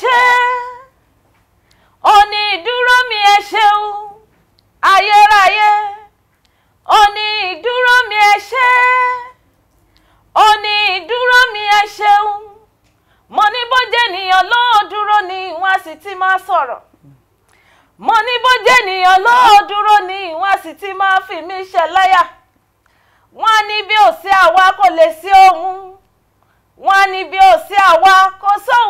ṣe òní ìdúró mi ẹ ṣeun ayérayé òní ìdúró mi ẹ ṣe òní ìdúró mi ẹ ṣeun mo ní bó jẹ́ ènìyàn ló dúró ni wọ́n sì ti máa sọ̀rọ̀ mo ní bó jẹ́ ènìyàn ló dúró ni wọ́n sì ti máa fi mí ṣe láyà wọ́n ní bí ò sí àwa kò lè sí ohun wọ́n ní bí ò sí àwa kò sóhun.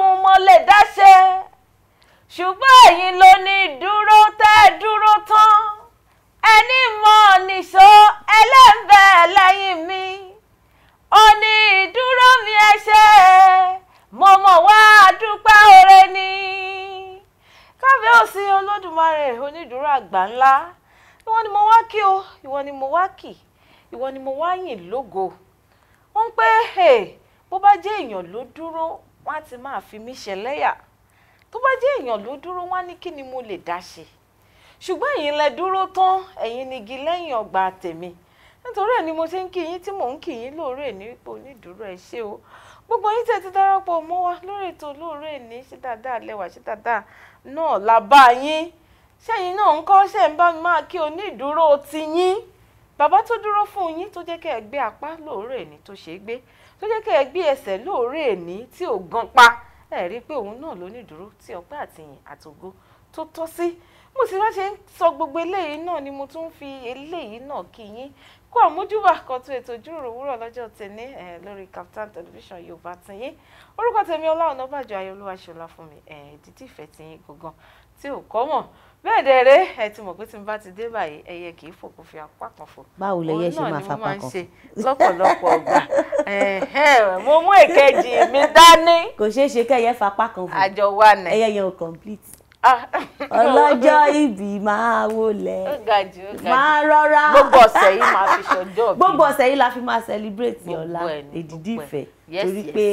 Lucky ìwọ ni mo wá yìn lógo ó ń pé bó bá jẹ́ èèyàn ló dúró wọ́n á ti máa fi mí ṣẹlẹ́yà tó bá jẹ́ èèyàn ló dúró wọ́n á ní kí ni mo lè dá ṣe ṣùgbọ́n ẹ̀yin lẹ dúró tán ẹ̀yin ni igi lẹ́yìn ọgbà tèmi nítorí ẹ̀ ni mo ti ń kí yín tí mò ń kí yín lóore ní ipò onídùúró ẹ ṣé o gbogbo yín tẹ́ ti darapọ̀ mọ́ wa lórí ètò lóore ní ṣé dáadáa lẹ́wà ṣé dáadáa náà la bá yín ṣẹ́yìn náà ń kọ́ ṣẹ́ ń bá mi máa kí onídùúró ti yín bàbá tó dúró fún yín tó jẹ́ kẹ́ ẹ gbé apá lóòrè ní tó ṣe é gbé tó jẹ́ kẹ́ ẹ gbé ẹsẹ̀ lóòrè ní tí ò gan pa ẹ rí i pé òun náà ló ní dúró tí ọpẹ́ àtìyìn àtògo tó tọ́ sí mo sì wá ṣe ń sọ gbogbo eléyìí náà ni mo tún ń fi eléyìí náà kí yín kó àmójúbà kan tó ètò ìjíròrò òwúrọ̀ lọ́jọ́ tẹ̀lé ẹ̀ lórí Kaftan television yorùbá tiyín orúkọ tèmi Ọlá Ọ̀nàbàjọ́ ayọ́lúwa ṣọlá fún mi ẹ̀ dídí ìfẹ́ tiyín gangan tí ò kọ́ mọ̀ bẹ́ẹ̀ dẹ̀rẹ́ ẹ ti mọ̀ pé tí n bá ti dé báyìí ẹyẹ kì í fò kò fi apá kan fò. báwo lẹyẹ ṣe máa fapá kan fò lọ́pọ̀lọpọ̀ ọgbà mo mú èkejì mi dání. kò ṣeé ṣe kẹyẹ fapá kan fò àjọ wa nẹ ẹyẹ yẹn ò complete. Ah. ọlọ́jọ́ ìbí máa wọlẹ̀ máa rọra. gbogbo ọ̀sẹ̀ yìí máa fi ṣọjọ́ bí. gbogbo ọ̀sẹ̀ yìí la fi máa celebrate ọ̀la èdìdí ìfẹ́ torí pé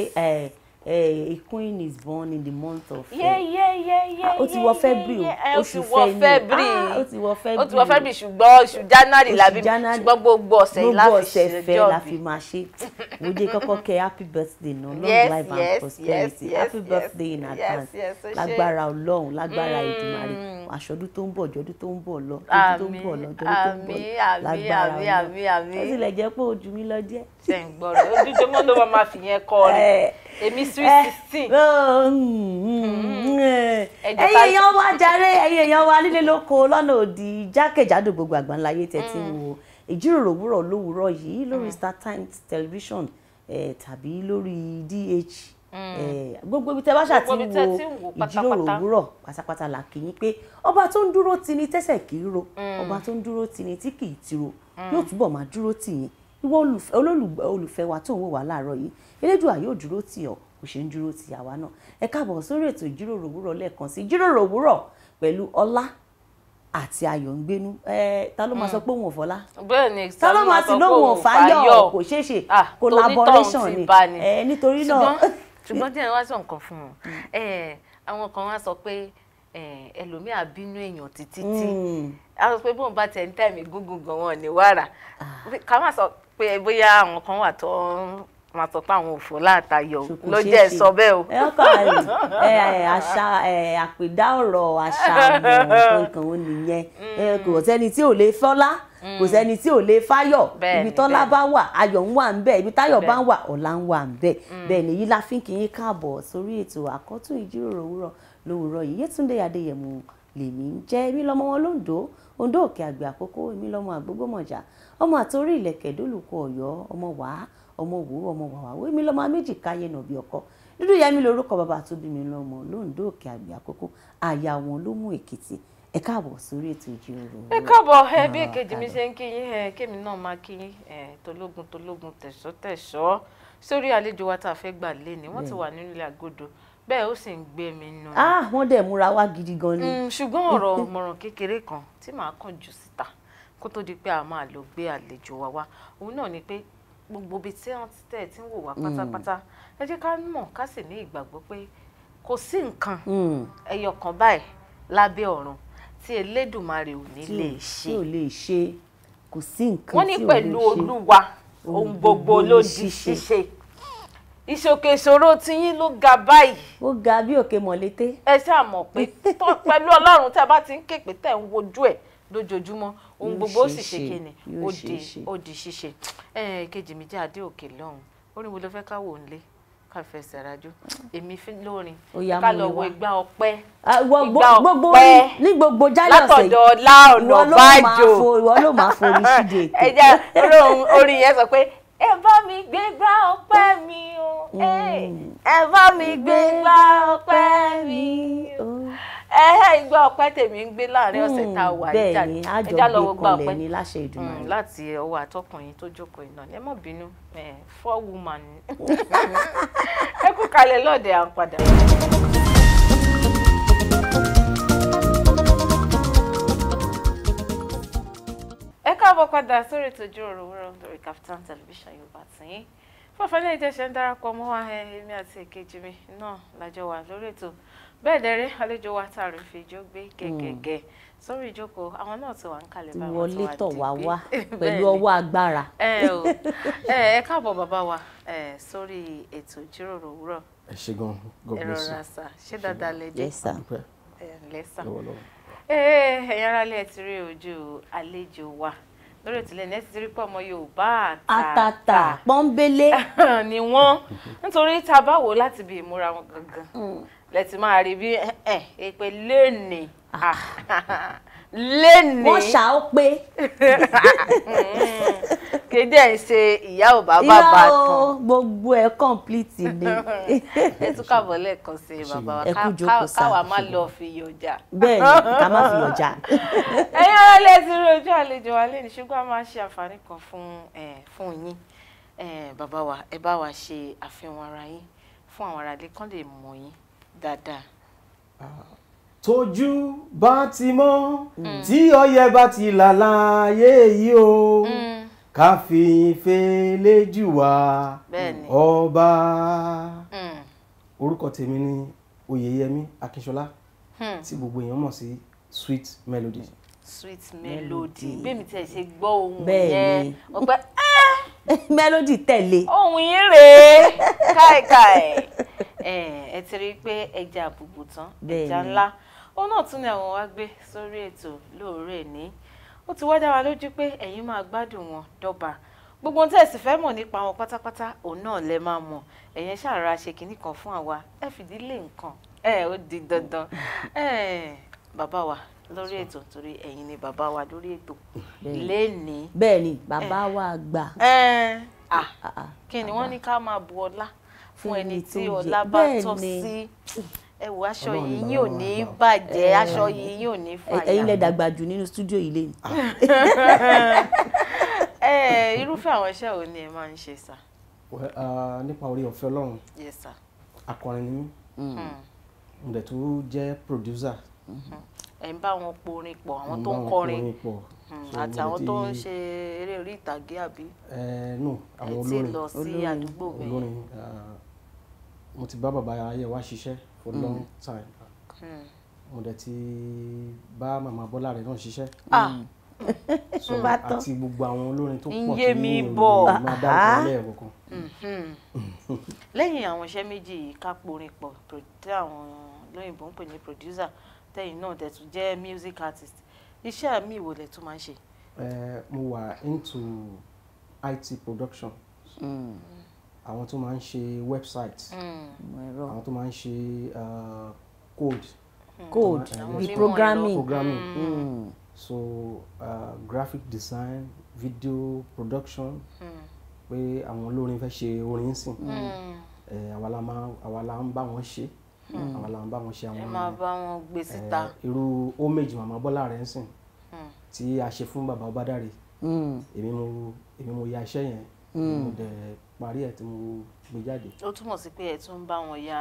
Eh, a queen is born in the month of. yé yé yé yé ó ti wọ february o oṣù february ó ti wọ february ó ti wọ february ṣùgbọ́n oṣù january làbí ṣùgbọ́n gbogbo ọ̀sẹ̀ yìí láfi ṣe ọjọ́ bí gbogbo la fi máa ṣe mo jẹ́ kẹ happy birthday náà long life and prosperity happy birthday in advance lágbára ọlọ́run lágbára ìdùmarè mm. àṣọdún tó ń bọ̀ jọdún tó ń bọ̀ lọ jọdún tó ń bọ̀ lọ jọdún tó ń bọ̀ lágbára ọlọ́run ó tilẹ̀ jẹ́ pé ojú mi lọ díẹ̀. ṣe ń gbọ́ rẹ̀ ojú jọmọ́ ló máa fi yẹn kọ́ rẹ̀. Eh, èmi three eh, sixteen. Mm, mm-hmm. mm, eh. ẹ̀yin èèyàn wa jàre ẹ̀yin èèyàn wa nílé lóko lọ́nà òdì jákèjádò gbogbo àgbáńlá ayé tẹ́ ti ń mm. wo ìjíròrò òwúrọ̀ lówùúrọ̀ yìí lórí StarTimes television eh, tàbí lórí DH gbogbo ibi tẹ́ bá ṣáà ti wo ìjíròrò òwúrọ̀ pátápátá là kì í pé ọba tó ń dúró tì ní tẹ́sẹ̀ kì í ro ọba tó ń dúró tì ní tí kì í tiro yóò túbọ̀ máa dúró tì yín ìwọ olólùfẹ́ wa tó ń wò wá láàárọ̀ yìí elédùà yóò dúró tì ọ́ kò ṣe ń dúró tì àwa náà ẹ káàbọ̀ sórí ètò ìjíròrò òwúrọ̀ lẹ́ẹ̀kan sí ìjíròrò òwúrọ̀ pẹ̀lú ọlá àti ayọ̀ ń gbénú ẹ ta ló máa sọ hmm. pé òun ò ta ló máa sì lóun ò fáyọ̀ kò ṣeé ṣe ah, collaboration ni ẹ nítorí náà. ṣùgbọ́n díẹ̀ wá sọ nǹkan fún un hmm. àwọn kan wá sọ pé ẹlòmíà bínú èèyàn títí tí hmm. a sọ pé bóun bá tẹ̀ ń tẹ̀ mí gúngún gan wọn ní wàrà ah. ká má sọ pé bóyá àwọn kan wà tó ń máa sọ pé àwọn òfò láàtayọ ló jẹ́ sọ bẹ́ẹ̀ o. ẹ ọkọ ẹ àṣà ẹ àpèdá ọ̀rọ̀ àṣà àwọn nǹkan ò nìyẹn mm. kò sẹ́ni tí ò lè fọlá kò mm. sẹ́ni tí ò lè fáyọ̀ ibi tọ́lá bá wà ayọ̀ ń wà ń bẹ ibi táyọ̀ bá ń wà ọ̀la ń wà ń bẹ mm. bẹ́ẹ̀ ni yìí la fi ń kí yín káàbọ̀ sórí ètò àkọ́tún ìjíròrò òwúrọ̀ lówùrọ̀ yìí Yétúndé Adéyẹmú lèmi ń jẹ́ èmi lọ́mọ wọn lóńdó Oǹdó òkè àgbẹ̀ àkókò èmi lọ́mọ àgbógbòmọ̀jà ọmọ àtòrí ìlẹ̀kẹ̀ Ọ̀yọ́ ọmọ wàá ọmọ wò ọmọ wàwà wò èmi lọ́mọ méjì káyé nà bí ọkọ dúdú yẹmi lórúkọ bàbá tó bí mi lọ́mọ lóńdó òkè àgbè àkókò àyà wọn ló mú èkìtì ẹ káàbọ̀ sórí ètò ìjíròrò. ẹ káàbọ̀ ẹ bí ah, èkejì mi ṣe ń kí yín ẹ kémi náà máa kí yín ẹ tológun tológun tẹ̀sọ́ tẹ̀sọ́ sórí àlejò wa tá a fẹ́ gbà lé ni wọ́n ti wà nínú ilé àgọ́dọ̀ ó sì ń gbé mi nù. ah wọ́n dẹ̀ múra wá gidi gan ni. Mm, ṣùgbọ́n ọ̀rọ̀ mọ̀ràn kékeré kan tí màá kàn jù síta kó tó di pé a máa lọ gbé àlejò wa wá òun náà ni pé gbogbo ibi tí wọ́n ti tẹ̀ tí ń wò wá mm. pátápátá ẹ jẹ́ ká mọ̀ ká sì ní ìgbàgbọ́ pé kò sí nǹkan mm. ẹyọ kan báyìí lábẹ́ ọ̀run tí Elédùmarè ò ní lè ṣe. tí ò lè ṣe kò sí nǹkan tí ò lè ṣe. wọ́n ní pẹ̀lú Olúwa ohun gbogbo ló di ṣíṣe ìṣòkè ìṣòro tiyín ló ga báyìí. ó ga bí òkè mọ̀lété. ẹ ṣáà mọ̀ pé pẹ̀lú Ọlọ́run tí a bá ti ń ké pé tẹ̀ ń wojú ẹ̀ lójoojúmọ́ ohun gbogbo ó sì ṣe kéne ó di ṣíṣe kejì mi jẹ́ adé òkè lọ́hùn orin wo ló fẹ́ ká wò ń lé ká fẹsẹ̀ rájò èmi lórin ká lọ wo ìgbà ọpẹ́ ìgbà ọpẹ́ ní gbogbo jálẹ̀ ọ̀sẹ̀ látọ̀dọ̀ Ọlá Ọ̀nàbàjò ìwọ ló máa forí síde ètò ẹ orin yẹn sọ pé ẹ bá mi gbé gbá ọpẹ́ mi o mm. ẹ bá mi gbé gbá ọpẹ́ mi o. Mm ẹ̀hẹ́ igbá ọpẹ́ tèmi ń gbé láàrin hmm, ọ̀sẹ̀ tá a wà ìjàlè ẹja lọ gbogbo ọpẹ́ ní láṣẹ ìdùnnú hmm, láti ọwọ́ àtọkùnrin tó jókòó iná ẹ mọ̀ bínú four woman ẹ kú kalẹ̀ lọ́ọ̀dẹ̀ à ń padà. ẹ káàbọ̀ padà sórí ìtọ́jú ọ̀rọ̀ wúrọ̀ lórí Kaftan television yorùbá tìyín fún àfẹ́lẹ́ ìjẹ́sẹ̀ ń darapọ̀ mọ́ wa èmi àti èkejì mi náà lájọ wà lórí ètò bẹ́ẹ̀ dẹ́rẹ́ àlejò wa tá a gbé hmm. gẹ́gẹ́gẹ́ sórí ìjókòó àwọn náà ti wà ń kalẹ̀ báwọn tó wà dìgbé wá pẹ̀lú ọwọ́ agbára. ẹ káàbọ̀ bàbá wa sórí ètò ìjíròrò òwúrọ̀. ẹ ṣé you. ṣé dáadáa lẹ jẹ lẹsà. ẹ̀yin ará ti rí ojú àlejò wa lórí ìtìlẹ̀ ní ẹ rí pé ọmọ yorùbá àtàtà pọ́ńbélé ni wọ́n nítorí tá a bá wò láti bí ìmúra wọn gangan hmm lẹ ti máa rí bí ẹ ẹ pé lénìí lénìí. wọ́n ṣá ó pé. kéde ẹ̀ ń ṣe ìyá ò bá bá bá tán. irọ́ o gbogbo ẹ̀ kọ́ńplìtì ni. ẹ tún kàbọ̀ lẹ́ẹ̀kan sí bàbá wa káwa má lọ fi yọjà. bẹ́ẹ̀ ni ká má fi yọjà. ẹ̀yin ọ̀rọ̀ lè ti rí ojú àlejò wa lẹ́nu ṣùgbọ́n a máa ṣe àǹfààní kan fún fún yín bàbá wa ẹ bá wa ṣe àfihàn ara yín fún àwọn aráalé kán lè mọ̀ yín dáadáa. tójú bá ti mọ́ mm. tí ọyẹ bá ti là láàyè yìí o mm. ká fi ìfẹ́lẹ́ jù wá ọba mm. orúkọ tèmi ni oyèyẹmí akínṣọlá hmm. tí gbogbo èèyàn mọ̀ sí sweet melody. sweet melody bẹ́ẹ̀ mi tẹ̀ ṣe gbọ́ ohun yẹn ọ̀pẹ́ ah! melody tẹ̀lé. ohun yìí rèé káìkáì ẹ ti rí i pé ẹja àbùbù tán ẹja ńlá òun náà tún ni àwọn wá gbé sórí ètò lóòrè ní ó ti wá dá wa lójú pé ẹ̀yin máa gbádùn wọn dọ́ba gbogbo ohun tí ẹ sì fẹ́ mọ̀ nípa wọn pátápátá òun náà lẹ máa mọ̀ ẹ̀yẹn ṣàrà ṣe kinní kan fún àwa ẹ fìdílé nǹkan ẹ ó di dandan bàbá wa lórí ètò torí ẹ̀yin ni bàbá wa lórí ètò lẹ́ni. bẹ́ẹ̀ bàbá wa gbà. Ah, ah, kí ni wọ́n ní ká máa bu ọlá fún ẹni tí ọlá bá tọ́ sí ẹwù aṣọ yìí yìí ò ní bàjẹ́ aṣọ yìí yìí ò ní fàyà. ẹ̀yin lẹ dàgbà jù nínú stúdíò yìí lẹ́yìn. Eh, irúfẹ́ àwọn iṣẹ́ wo ni ẹ máa ń ṣe sà. Uh, nípa orí ọ̀fẹ́ ọlọ́run akọrin ni mí hmm. Hmm. mo dẹ̀ tún jẹ́ producer. Hmm. ẹ̀ ń bá wọn po orin pọ̀ àwọn tó ń kọrin àti àwọn tó ń ṣe eré orí ìtàgé àbí. Eh, ẹ nù àwọn olórin olórin mo ti bá bàbá ayé wa ṣiṣẹ́ for mm. long time mm. mo dẹ̀ ti bá màmá bọ́lá rẹ̀ náà ṣiṣẹ́ ah. mm. so àti gbogbo àwọn olórin tó pọ̀ tó ní ìròyìn máa dá ìpínlẹ̀ ẹ̀rọ kan. lẹ́yìn àwọn iṣẹ́ méjì yìí ká porin pọ̀ tí àwọn lóyìnbó ń pè ní producer tẹ̀yìn náà dẹ̀ tún jẹ́ music artist iṣẹ́ àmì ìwòlẹ̀ tó máa ń ṣe. Eh, mo wà into IT production. Mm àwọn tó máa ń ṣe website hmm. àwọn tó máa ń ṣe uh, code hmm. code reprogramming programming hmm. so uh, graphic design video production pé àwọn olórin fẹ́ ṣe orin sìn àwa la ń bá wọn ṣe àwa la ń bá wọn ṣe àwọn irú homage màmá Bọ́lá rẹ̀ ń sìn tí a ṣe fún bàbá Ọbádàrẹ èmi mo ya iṣẹ́ yẹn Mm. mo dẹ̀ parí ẹ̀ tí mo gbé jáde. ó túmọ̀ sí pé ẹ tún ń bá wọn ya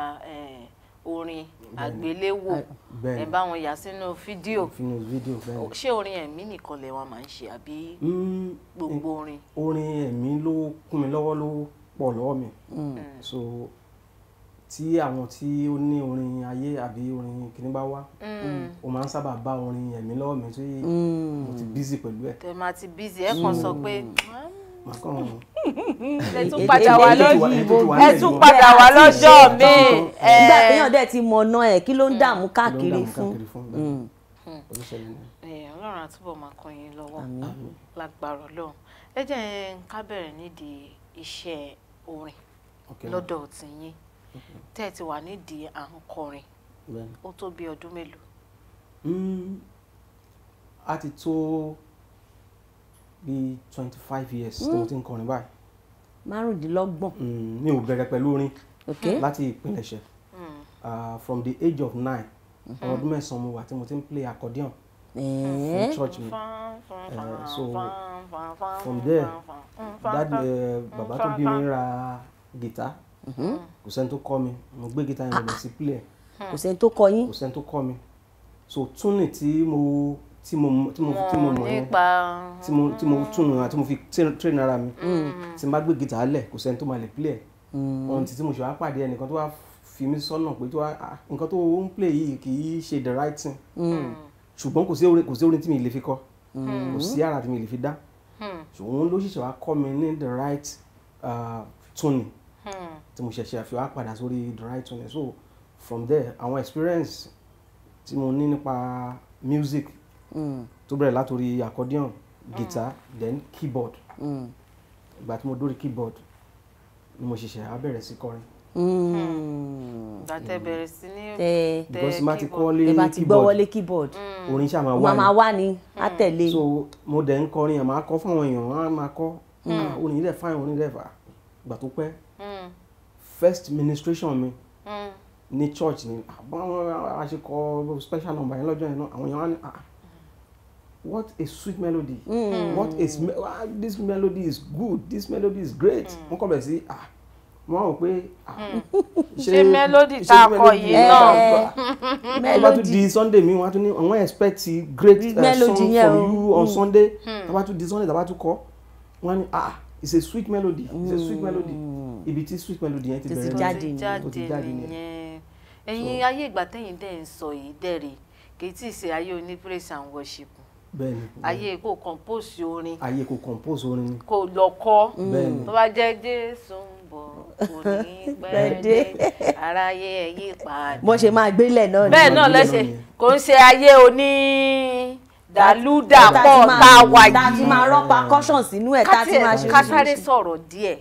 orin àgbéléwò ẹ bá wọn yà sínú fídíò ṣé orin ẹ̀mí nìkan lẹ wọn máa ń ṣe àbí mm, gbogbo orin. orin ẹ̀mí ló kún mi lọ́wọ́ ló pọ̀ lọ́wọ́ mi mm. so tí àwọn tí ó ní orin ayé àbí orin kìíní bá wá o máa ń sábà bá orin ẹ̀mí lọ́wọ́ mi tí mo ti bízì pẹ̀lú ẹ̀. tẹ̀ máa ti bízì ẹ̀ kàn sọ pé màá kàn án. ẹ tún padà wá lọ́jọ́ ẹ tún padà wá lọ́jọ́ mi. nígbà téèyàn dẹ̀ ti mọ̀nà ẹ̀ kí ló ń dààmú káàkiri fún. Hmm. Hmm. ọlọ́run àtúbọ̀ máa kọ́ yín lọ́wọ́ lágbára ọlọ́run ẹ jẹ́ ká bẹ̀rẹ̀ nídìí iṣẹ́ orin lọ́dọ̀ tí yín tẹ́ ẹ ti wà nídìí à ń kọrin ó tó bí ọdún mélòó. Hmm. a ti tó bíi twenty five years tí mo hmm. ti ń kọrin báyìí. márùndínlọ́gbọ̀n. Hmm, mi ò bẹ̀rẹ̀ pẹ̀lú orin láti ìpilẹ̀ṣẹ̀ hmm. ah, from the age of nine ọdún mẹ́sàn-án mo wà tí mo ti ń play accordion eh. fún church mi eh, so from there dad eh, bàbá tó bí mi ra guitar mhm. kò sẹ́ni tó kọ́ mi mo gbé guitar yẹn lọ sí play ẹ̀. kò sẹ́ni tó kọ́ yín. kò sẹ́ni tó kọ́ mi so túnì tí mo tí mo mọ̀ ah, yẹn tí mo tí mo mm. tún un àti mo fi train ara mi mm. tí n bá gbé gìtá lẹ̀ kò sẹ́ni tó máa lè play ẹ̀ mm. ohun tí mo ṣe wá pàdé ẹnìkan tó wá fi mí sọ́nà pé tó wá nǹkan tó ń play yìí kì í ṣe the right thing ṣùgbọ́n kò sí orin kò sí orin tí mi lè fi kọ kò sí ara tí mi lè fi dá ṣùgbọ́n ló ṣẹ̀ṣẹ̀ wá kọ́ mi ní the right ah, tuning tí mo ṣẹ̀ṣẹ̀ fi wá padà sórí the right tuning so from there àwọn experience tí mo ní nípa music tó bẹ̀rẹ̀ látòrí accordion guitar mm. then keyboard mm. ìgbà tí mo dórí keyboard ni mo ṣẹ̀ṣẹ̀ á bẹ̀rẹ̀ sí kọrin. Mm. gbàtẹ́ bẹ̀rẹ̀ sí ní tẹ keyboard because má ti kọ́ keyboard keyboard orin ṣáà máa wá ni máa wá ni á tẹ̀lé. so mo dẹ̀ ń kọrin àmọ́ akọ́ fún àwọn èèyàn á máa kọ́ ah, orin ilẹ̀ fáìn orin ilẹ̀ fà gbà tó pẹ́ first ministration mi ní church ni àbọ̀ àwọn aṣekọ̀ special number yẹn lọ́jọ́ yẹn náà àwọn èèyàn á ní ah, what a sweet melody mm. what a sm ah this melody is good this melody is great wọ́n hmm. kọ́ bẹ̀ sí ah wọ́n rò pé ah, hmm. ṣe melody tá a kọ yìí náà melody tó bá di sunday mi wọ́n á tún ní wọ́n expect great uh, song from you on hmm. sunday tó bá tún di sunday tó bá tún kọ́ ah it's a sweet melody it's a sweet melody ibi tí sweet melody yẹn ti bẹ̀rẹ̀ nìyẹn tó ti jáde nìyẹn. ẹ̀yin ayé ìgbà tẹ̀yìn dẹ̀ ń sọ yìí dẹ̀ rè kì í tí ì ṣe ayé oní praise and worship ayé kò compose orin ayé kò compose orin kò lọ kọ tó bá jẹ́ Jésù ń bọ̀ kò ní pẹ́ẹ́dé aráyé ẹ yí padà. mo ṣe máa gbélé náà ni bẹ́ẹ̀ náà lẹ́sẹ̀ kò ń ṣe ayé oní dàlúdàpọ̀ tá a wà yìí tá a ti máa rọ́pa caution sínú ẹ̀ tá a ti máa ṣe oríṣiríṣi. kásáré sọ̀rọ̀ díẹ̀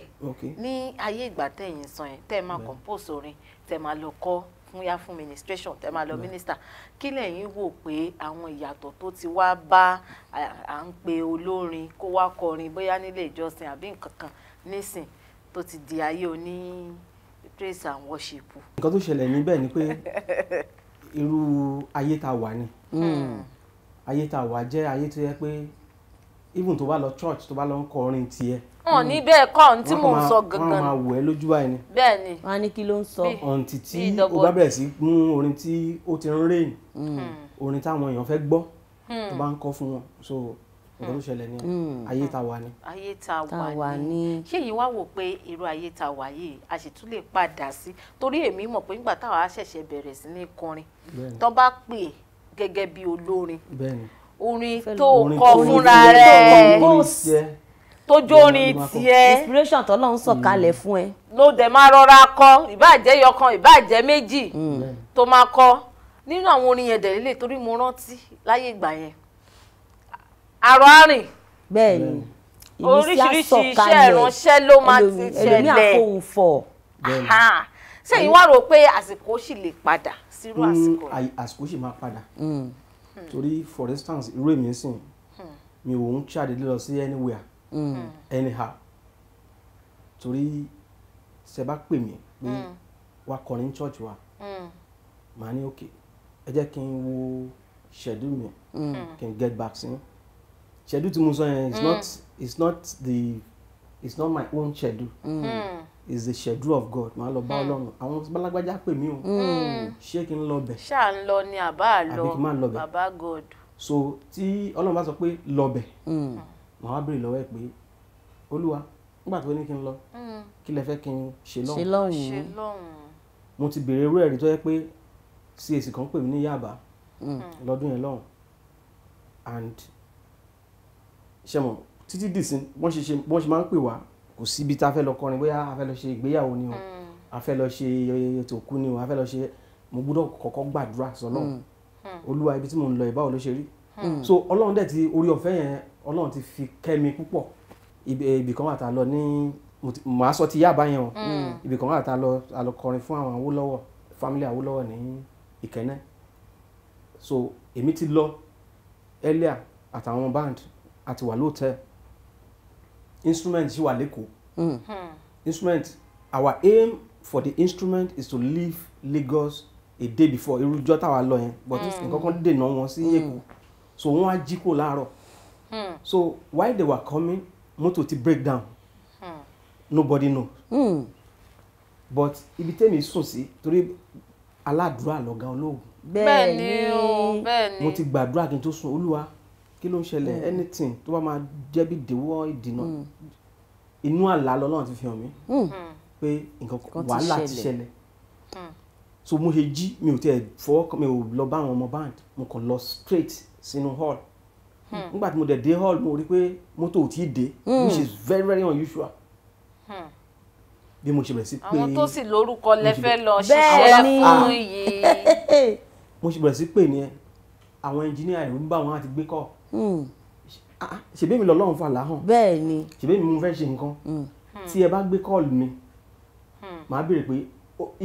ní ayé ìgbà tẹ̀yìn sàn yẹn tẹ́ máa compose orin tẹ́ ẹ máa lọ kọ́ fúnyá fún ministration tẹ́ máa lọ mm. minister kí lẹ́yìn wò pé àwọn ìyàtọ̀ tó ti wá bá à ń pe olórin kó wá kọrin bóyá nílé ìjọsìn àbí nǹkan nísìn tó ti di ayé oní praise and worship. nǹkan tó ṣẹlẹ̀ níbẹ̀ ni pé irú ayé tá wà ni hmm. ayé tá wà jẹ́ ayé tó yẹ pé even tó bá lọ church tó bá lọ ń kọ orin tiẹ̀. wọn ní bẹ́ẹ̀ kọ́ ohun tí mò ń sọ gangan wọn máa wọ ẹ lójú báyìí ni. bẹ́ẹ̀ wọn á ní kí ló ń sọ. ọ̀ǹtì tí o bá bẹ̀rẹ̀ sí mú orin tí ó ti ń rìn hmm. hmm. orin táwọn èèyàn fẹ́ gbọ́ hmm. tó bá ń kọ́ fún wọn so nǹkan tó ṣẹlẹ̀ ní ayé ta wà ní. ayé ta wà ní. ṣé èyí wá wò pé irú ayé ta wà yìí a sì tún lè padà sí torí èmi mọ̀ pé nígbà táwa ṣẹ̀ṣẹ̀ bẹ̀rẹ̀ sí ní kọrin tó bá pè gẹ́gẹ́ bí olórin orin tó kọ fúnra rẹ̀ tó jórin tiẹ̀. inspiration tọ́lọ́run sọ̀kalẹ̀ hmm. fún ẹ. ló dẹ̀ máa rọra kọ ìbáàjẹ́ yọkan ìbáàjẹ́ méjì hmm. tó máa kọ nínú àwọn orin yẹn dẹ̀ lélẹ̀ torí mo rántí láyé ìgbà yẹn àrò àrìn. bẹ́ẹ̀ni oríṣiríṣi iṣẹ́ ìránṣẹ́ ló máa ti ṣẹlẹ̀ ẹlòmí àkóhùn fọ. sẹ́yìn wá rò pé àsìkò sì lè padà sírú hmm, àsìkò. àsìkò sì máa padà. Hmm. torí for instance irú èmi ń sìn hmm. mi ò ń jáde lọ sí anywhere hmm. anyhow torí ṣe bá pè mí pé wá kọrin church wa màá ní òkè ẹ jẹ́ kí n wo ṣẹ̀dú mi kí n get back sí ṣẹ̀dú tí mo sọ yẹn it's not it's not the it's not my own ṣẹ̀dú. Mm. Mm is the schedule of God màá lọ bá hmm. Ọlọ́run àwọn balagbájá pè mí o hmm. ṣé kí n lọ bẹ̀. ṣá ń lọ ni àbá lọ bàbá God. so tí Ọlọ́run bá sọ pé lọ bẹ̀ hmm. màá wá béèrè lọ́wọ́ ẹ̀ pé Olúwa nígbà tó ní kí n lọ kí lẹ fẹ́ kí n ṣe lọ́hùn. mo ti béèrè irú ẹ̀rí tó yẹ pé CAC kan pè mí ní Yaba lọ́dún yẹn lọ́hùn and ṣe mọ̀ títí dìsín bọ́n ṣe máa ń pè wá kò síbi tá a fẹ́ lọ kọrin bóyá a fẹ́ lọ ṣe ìgbéyàwó ni o mm. a fẹ́ lọ ṣe ètò ni o a fẹ́ lọ ṣe mo gbọ́dọ̀ kọ́kọ́ gbàdúrà sọ́nà mm. mm. olúwa ibi tí mo ń lọ ìbáwo ló ṣe rí so ọlọ́run dẹ̀ ti orí ọ̀fẹ́ yẹn ọlọ́run ti fi kẹ́mi púpọ̀ ibì kan wà tá a lọ ní màá sọ ti yáàbá yẹn o ibì wà tá a lọ kọrin fún àwọn Awólọ́wọ̀ family Awólọ́wọ̀ ní Ìkẹ́nnẹ́ so èmi ti lọ earlier àtàwọn band àti wà lóòtẹ́ẹ̀ instrument ṣì wà lẹ́kọ̀ọ́ hmm. hmm. instrument our aim for the instrument is to leave Lagos a day before irújọ́ táwa lọ yẹn but hmm. nǹkan kan dènà wọn sí Èkó so wọ́n á jí kó láàárọ̀ so while they were coming mọ́tò ti break down nobody know but ibi tẹ́mi sùn sí torí aládùúrà lọ́gá olóògùn bẹ́ẹ̀ ni o bẹ́ẹ̀ ni mo ti gbàdúrà kí n tó sùn olúwa kí ló ń ṣẹlẹ̀ mm-hmm. anything tó bá máa jẹ́ bí ìdíwọ́ ìdìnà mm. inú àlá lọ́lọ́run ti fi hàn mí mm. Mm. pé nǹkan wàhálà ti ṣẹlẹ̀ so mo ṣe jí mi ò tiẹ̀ fọwọ́ mi ò lọ bá àwọn ọmọ band mo kàn lọ straight sínú hall nígbà tí mo dẹ̀ dé hall mo rí pé mọ́tò ò tí ì dé which is very very unusual. Hmm bí mo ṣe bẹ̀rẹ̀ sí pé àwọn tó sì lórúkọ lẹ́fẹ́ lọ ṣiṣẹ́ fún yìí. mo ṣe bẹ̀rẹ̀ sí pé ni àwọn ẹnjíníà ẹ̀rù ń bá wọn gbé kọ́ Hmm. Ah, ah, ṣèbí mi lọ́lọ́run fà láhàn bẹ́ẹ̀ ni ṣèbí mi mo fẹ́ ṣe nǹkan hmm. Hmm. tí ẹ bá gbé kọ́ọ̀lù mi màá béèrè pé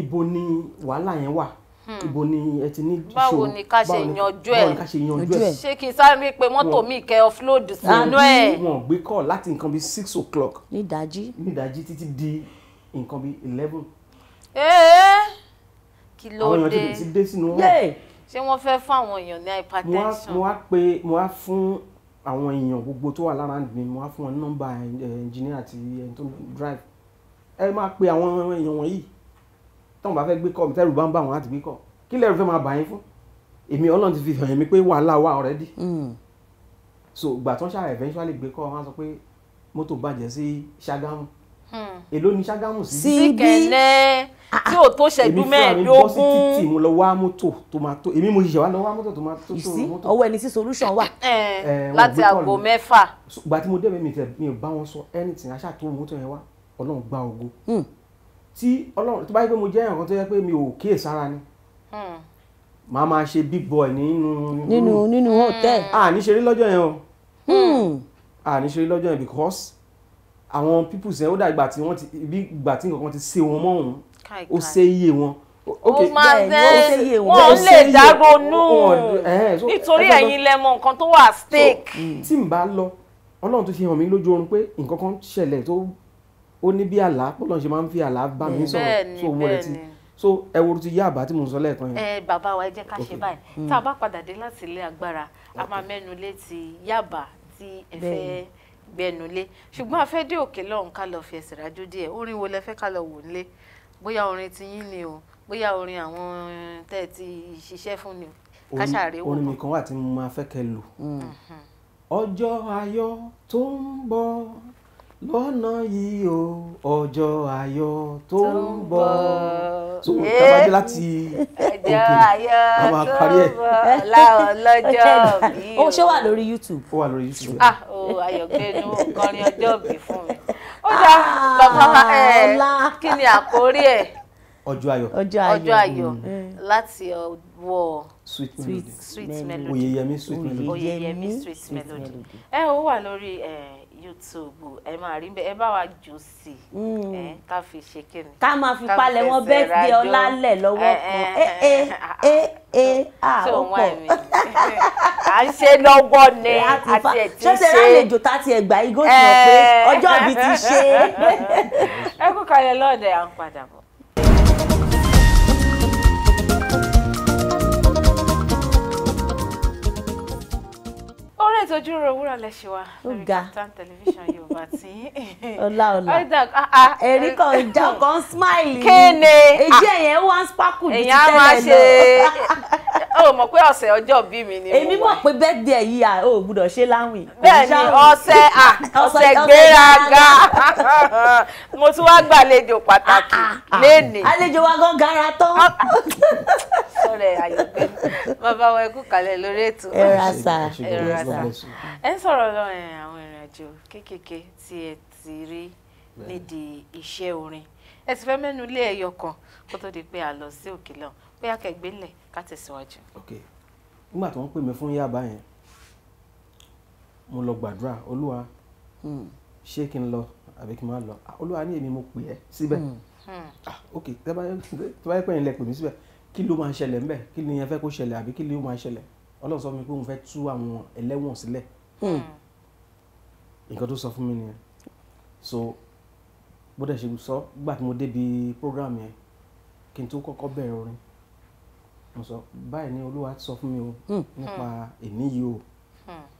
ibo ni wàhálà yẹn wà ibo ni ẹ ti ní ṣòro báwo ni ká ṣe yanjú ẹ báwo ni ká ṣe yanjú ẹ ṣé kí n sáré pé mọ́tò mi kẹ́ offload sínú ẹ̀. wọn gbé kọ́ọ̀lù láti nǹkan bíi six o'clock nídàájí nídàájí títí di nǹkan bíi eleven. ẹ ẹ kí ló dé àwọn èèyàn ti dé sínú wọn ṣé wọ́n fẹ́ fún àwọn èèyàn ní hypertension. mo wá pé mo wá fún àwọn èèyàn gbogbo tó wà lára mi mo wá fún wọn ní engineer àti ẹni tó drive ẹ máa pe àwọn èèyàn wọ̀nyí táwọn bá fẹ́ gbé kọ́ mi bá ń bà wọ́n láti gbé kọ́ kí lẹ́rù fẹ́ máa bà yín fún èmi ọlọ́run ti fi hàn mí pé wàhálà wà already hmm. so ìgbà eventually gbé kọ́ wọn sọ pé mọ́tò bàjẹ́ sí Ṣàgámù Hmm. èló ni Ṣágámù sí bí kẹlẹ ah, ah. tí ò tó ṣẹ́jú mẹ́ẹ̀ẹ́dógún èmi fúnra mi bọ́ sí títì mo lọ wá mọ́tò tó máa tó èmi mo ṣiṣẹ́ wá lọ wá mọ́tò tó máa tó tó mọ́tò. ọwọ́ ẹni sí solution wà. Eh, eh, láti aago mẹ́fà. ìgbà tí mo dé mi tẹ mi ò bá wọn sọ anything aṣáà tó mọ́tò yẹn wá ọlọ́run gba ògo. Hmm. tí ọlọ́run tó bá yẹ pé mo jẹ́ ẹ̀yàn kan tó yẹ pé mi ò kíyè sára ni hmm. màá máa ṣe big boy nínú. nínú nínú hòtẹ́ẹ̀. à ní ṣeré lọ́jọ́ yẹn o à ní ṣeré lọ́jọ́ yẹn because àwọn pípùsì yẹn ó dàgbà tí wọ́n ti bí ìgbà tí nǹkan kan ti ṣe wọn mọ́ òun ó se iye wọn ó máa ṣe wọn lè dáronú nítorí ẹ̀yin lẹ mọ̀ nǹkan tó wà stake. Mm, tí n bá lọ ọlọ́run tó ṣe hàn mí lójú oorun pé nǹkan kan ṣẹlẹ̀ tó ó ní bí àlá pọ́lọ́n ṣe máa ń fi àlá bá mi sọ̀rọ̀ tó wọlé tí so ẹ wo ti yá àbá tí mò sọ lẹ́ẹ̀kan yẹn. ẹ bàbá wa ẹ jẹ́ ká ṣe báyìí mm. tá a bá padà dé láti ilé agbára a máa mẹ́nu létí yábà tí ẹ fẹ́ gbẹnulé ṣùgbọ́n a òkè lọ́hùn ká lọ fi ẹsẹ̀ rájú díẹ̀ orin wo lẹ ká lọ wò nílé bóyá orin ti yín ni o bóyá orin àwọn tẹ́ ti ṣiṣẹ́ fún ni ká ṣàrẹ́ wò. orin mi kan wà tí mo máa fẹ́ kẹ́ lò mm-hmm. ọjọ́ ayọ̀ tó ń bọ̀ lọ́nà yìí o ọjọ́ ayọ̀ tó ń bọ̀ so tabajẹ láti òkè a máa parí ẹ. láwọn lọ́jọ́ bí o. ó ṣe wà lórí YouTube. ó wà lórí YouTube. ah o ayọ̀gbẹ́nu kọrin ọjọ́ bí fún mi. ó dá ah, bàbá ẹ kí ni àkórí ẹ̀. ọjọ́ ayọ̀ ọjọ́ ayọ̀ mm. Mm. láti ọwọ́ sweet melody oyeyemi sweet melody oyeyemi sweet melody ẹ ó wà lórí YouTube ẹ máa rí ẹ bá wa jù sí i mm. ká fi ṣe kíni. ká máa fi palẹ̀ wọn birthday ọlálẹ̀ lọ́wọ́ eh, kan ẹ ẹ ẹ ẹ à ó pọ̀. à ń ṣe lọ́wọ́ ni àti ẹ̀ ti ṣe. ṣọ́ṣẹ́ lálejò tá ti ẹ̀gbá igó ti mọ̀ pé eh. ọjọ́ ìbí ti ṣe. ẹ kú kalẹ̀ lọ́ọ̀dẹ̀ à ń padà bọ̀. Ojúrò Wúrà lẹ́ṣẹ̀ wa lórí Kaftan television Yorùbá tí. ọlá ọlá ẹ̀rí ah, ah. kan já kan smile. kéne èjì ẹ̀yẹ wá ń sparkle ju ti tẹ́lẹ̀ lọ. o mọ̀ pé ọ̀sẹ̀ ọjọ́ bí mi ni mo wà. èmi mọ̀ pé birthday yìí à o gbúdọ̀ ṣe láwìn. bẹ́ẹ̀ni ọ̀sẹ̀ à ọ̀sẹ̀ gbéraga mo tún wá gbàlejò pàtàkì ah, lénìí. àlejò wa gan gara tán. sọ̀rọ̀ ẹ̀ àyè pé bàbá wa ẹ kalẹ̀ lórí ètò. ẹ ra sa ẹ ra sa ẹ ń sọ̀rọ̀ lọ àwọn ìrìn àjò kéékèèké tí ẹ ti rí nídìí iṣẹ́ orin ẹ ti fẹ́ mẹ́nu lé ẹyọ kan kó tó di pé a lọ sí òkè lọ bóyá kẹgbẹ́ lẹ̀ ká tẹ̀síwájú. ok nígbà tí wọ́n pè mí fún Yaba yẹn mo lọ gbàdúrà olúwa hmm. ṣé kí n lọ àbí kí n má lọ olúwa ní èmi mo pè ẹ́ síbẹ̀ hmm. Hmm. ok tí wọ́n bá yẹ pé ẹ̀yin lẹ pè mí síbẹ̀ kí ló máa ṣẹlẹ̀ ńbẹ̀ kí ni ẹ fẹ́ kó ṣẹlẹ̀ àbí kí ló máa ṣẹlẹ̀ ọlọ́run sọ fún mi pé òun fẹ́ tú àwọn ẹlẹ́wọ̀n sílẹ̀ hmm. nǹkan tó sọ fún mi nìyẹn so bó dẹ̀ ṣe sọ gbà tí mo débi program yẹn kí n tó kọ́kọ́ bẹ̀rẹ̀ orin mo sọ báyìí ni olúwa sọ fún mi o hmm. nípa hmm. èmi yìí o